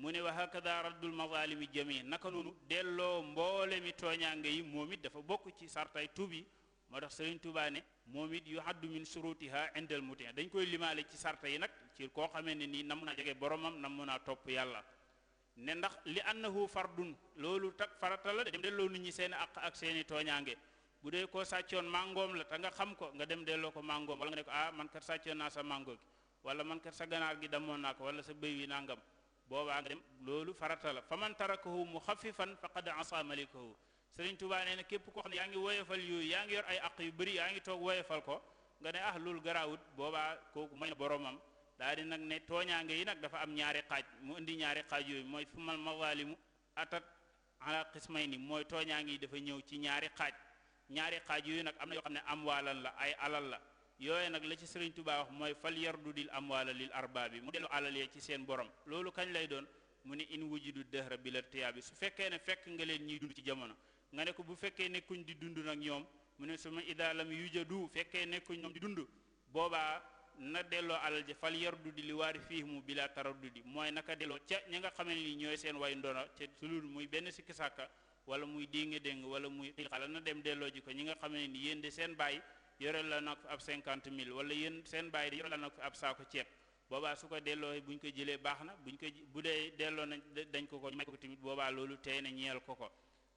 mu ne wa hakada raddul mazalimi jami naka noonu delloo mboole mi tooñaange yi moom it dafa bokk ci sartay tuub yi moo tax Sëriñ Tuubaa ne moom it yu haddu min surutiha indal mutin dañ koy limaale ci sarta yi nag ci koo xamee ne nii nam na jege boromam nam mun a topp yàlla ne ndax li na far fardun loolu tak farata la dem delloo nit ñi seen àq ak seeni tooñaange bu dee koo sàccoon màngoom la te nga xam ko nga dem delloo ko mangoom wala nga ne ko ah naa sa mango gi wala man sa ganaar gi damoon naa ko wala sa bëy wi nangam boobaa dem loolu farata la faman tarakahu muxafifan faqad asa malikahu sëriñ tubaa nee na képp ko xam ne yaa ngi woyefal yooyu yaa ngi yor ay aq yu bëri yaa ngi toog woyefal ko nga ne ah loolu garaawut boobaa kooku may na boromam daal di nag ne tooñaange yi nag dafa am ñaari xaaj mu indi ñaari xaaj yooyu mooy fu mal mawalimu atat ala xismay ni mooy tooñaange yi dafa ñëw ci ñaari xaaj ñaari xaaj yooyu nag am na yoo xam ne am waalan la ay alal la yooye nag la ci sëriñ Tuubaa wax mooy fal yardu dil amwaala lil bi mu dellu alal ya ci seen borom loolu kañ lay doon mu ne in wujudu dëhra bi la tiyaa bi su fekkee ne fekk nga leen ñuy dund ci jamono nga ne ko bu fekkee nekkuñ di dund nag ñoom mu ne suma idaa lam yujadu fekkee nekkuñ ñoom di dund boobaa na delloo alal ji fal yardu di li waari fiihimu bi la di mooy naka delloo ca ña nga xam xamee ni ñooy seen way ndono ca sulul muy benn sikki sàkka wala muy dénga déng wala muy xiixala na dem delloo ji ko ñi nga xamee ni yéen de seen bàyyi yoral la nag fi ab cinquante mille wala yéen seen bàyyi di yoral la nag fi ab saako ceeb boobaa su ko delloo buñ ko jëlee baax na buñ ko bu dee delloo nañ dañ ko ko may ko tamit boobaa loolu tey na ñeel ko ko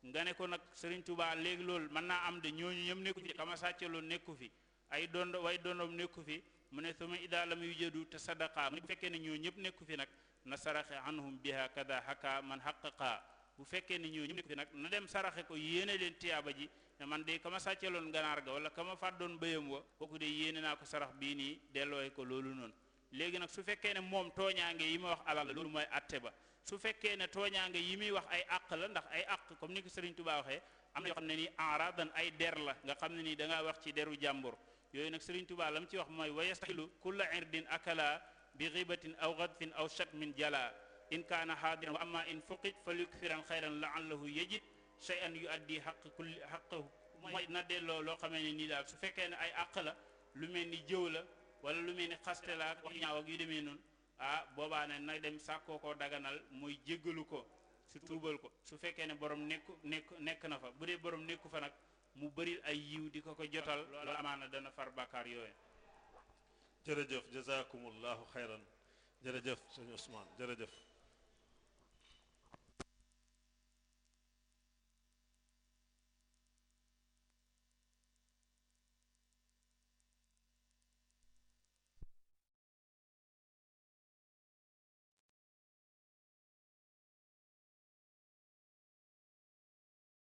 nga ne ko nag Serigne Touba léegi loolu mën naa am de ñooñu ñoom nekku fi xama sàcce loolu nekku fi ay dondo way dondoom nekku fi mu ne suma idaa lam yu jëdu te sadaqa mu ne fekkee ne ñoo ñëpp nekku fi nag na saraxe anhum biha kada haka man xaqaqa bu fekkee ni ñooñu nekk nag na dem saraxe ko yéene leen tiyaaba ji ne man de kama sàcceloon ganaar ga wala kama fàddoon béyam wa kooku de yéene naa ko sarax bii nii dellooy ko loolu noonu léegi nag su fekkee ne moom tooñaange yi ma wax alal la loolu mooy atte ba su fekkee ne tooñaange yi muy wax ay àq la ndax ay àq comme ni ko Sëriñ Tuubaa waxee am na nii enradan ay der la nga xam ne nii da ngaa wax ci deru jàmbur yooyu nag Sëriñ Tuubaa la mu ci wa yastaxilu kulla irdin akala bi ghibatin aw in kaana xaadiran wa amma in fuqit falyukfiran xayran laallahu yajid shay'an yu addi xaq kulli xaqahu mooy na delloo loo xamee ne nii daal su fekkee ne ay àq la lu mel ni jëw la wala lu mel ni xaste la wax ñaaw yu demee noonu ah boobaa ne na dem sàkkoo koo daganal mooy jéggalu ko su tuubal ko su fekkee ne borom nekku nekk nekk na fa bu dee borom nekku fa nag mu bari ay yiw di ko ko jotal loolu amaana dana far bàkkaar yooyu jërëjëf jazakumullahu xayran jërëjëf jërëjëf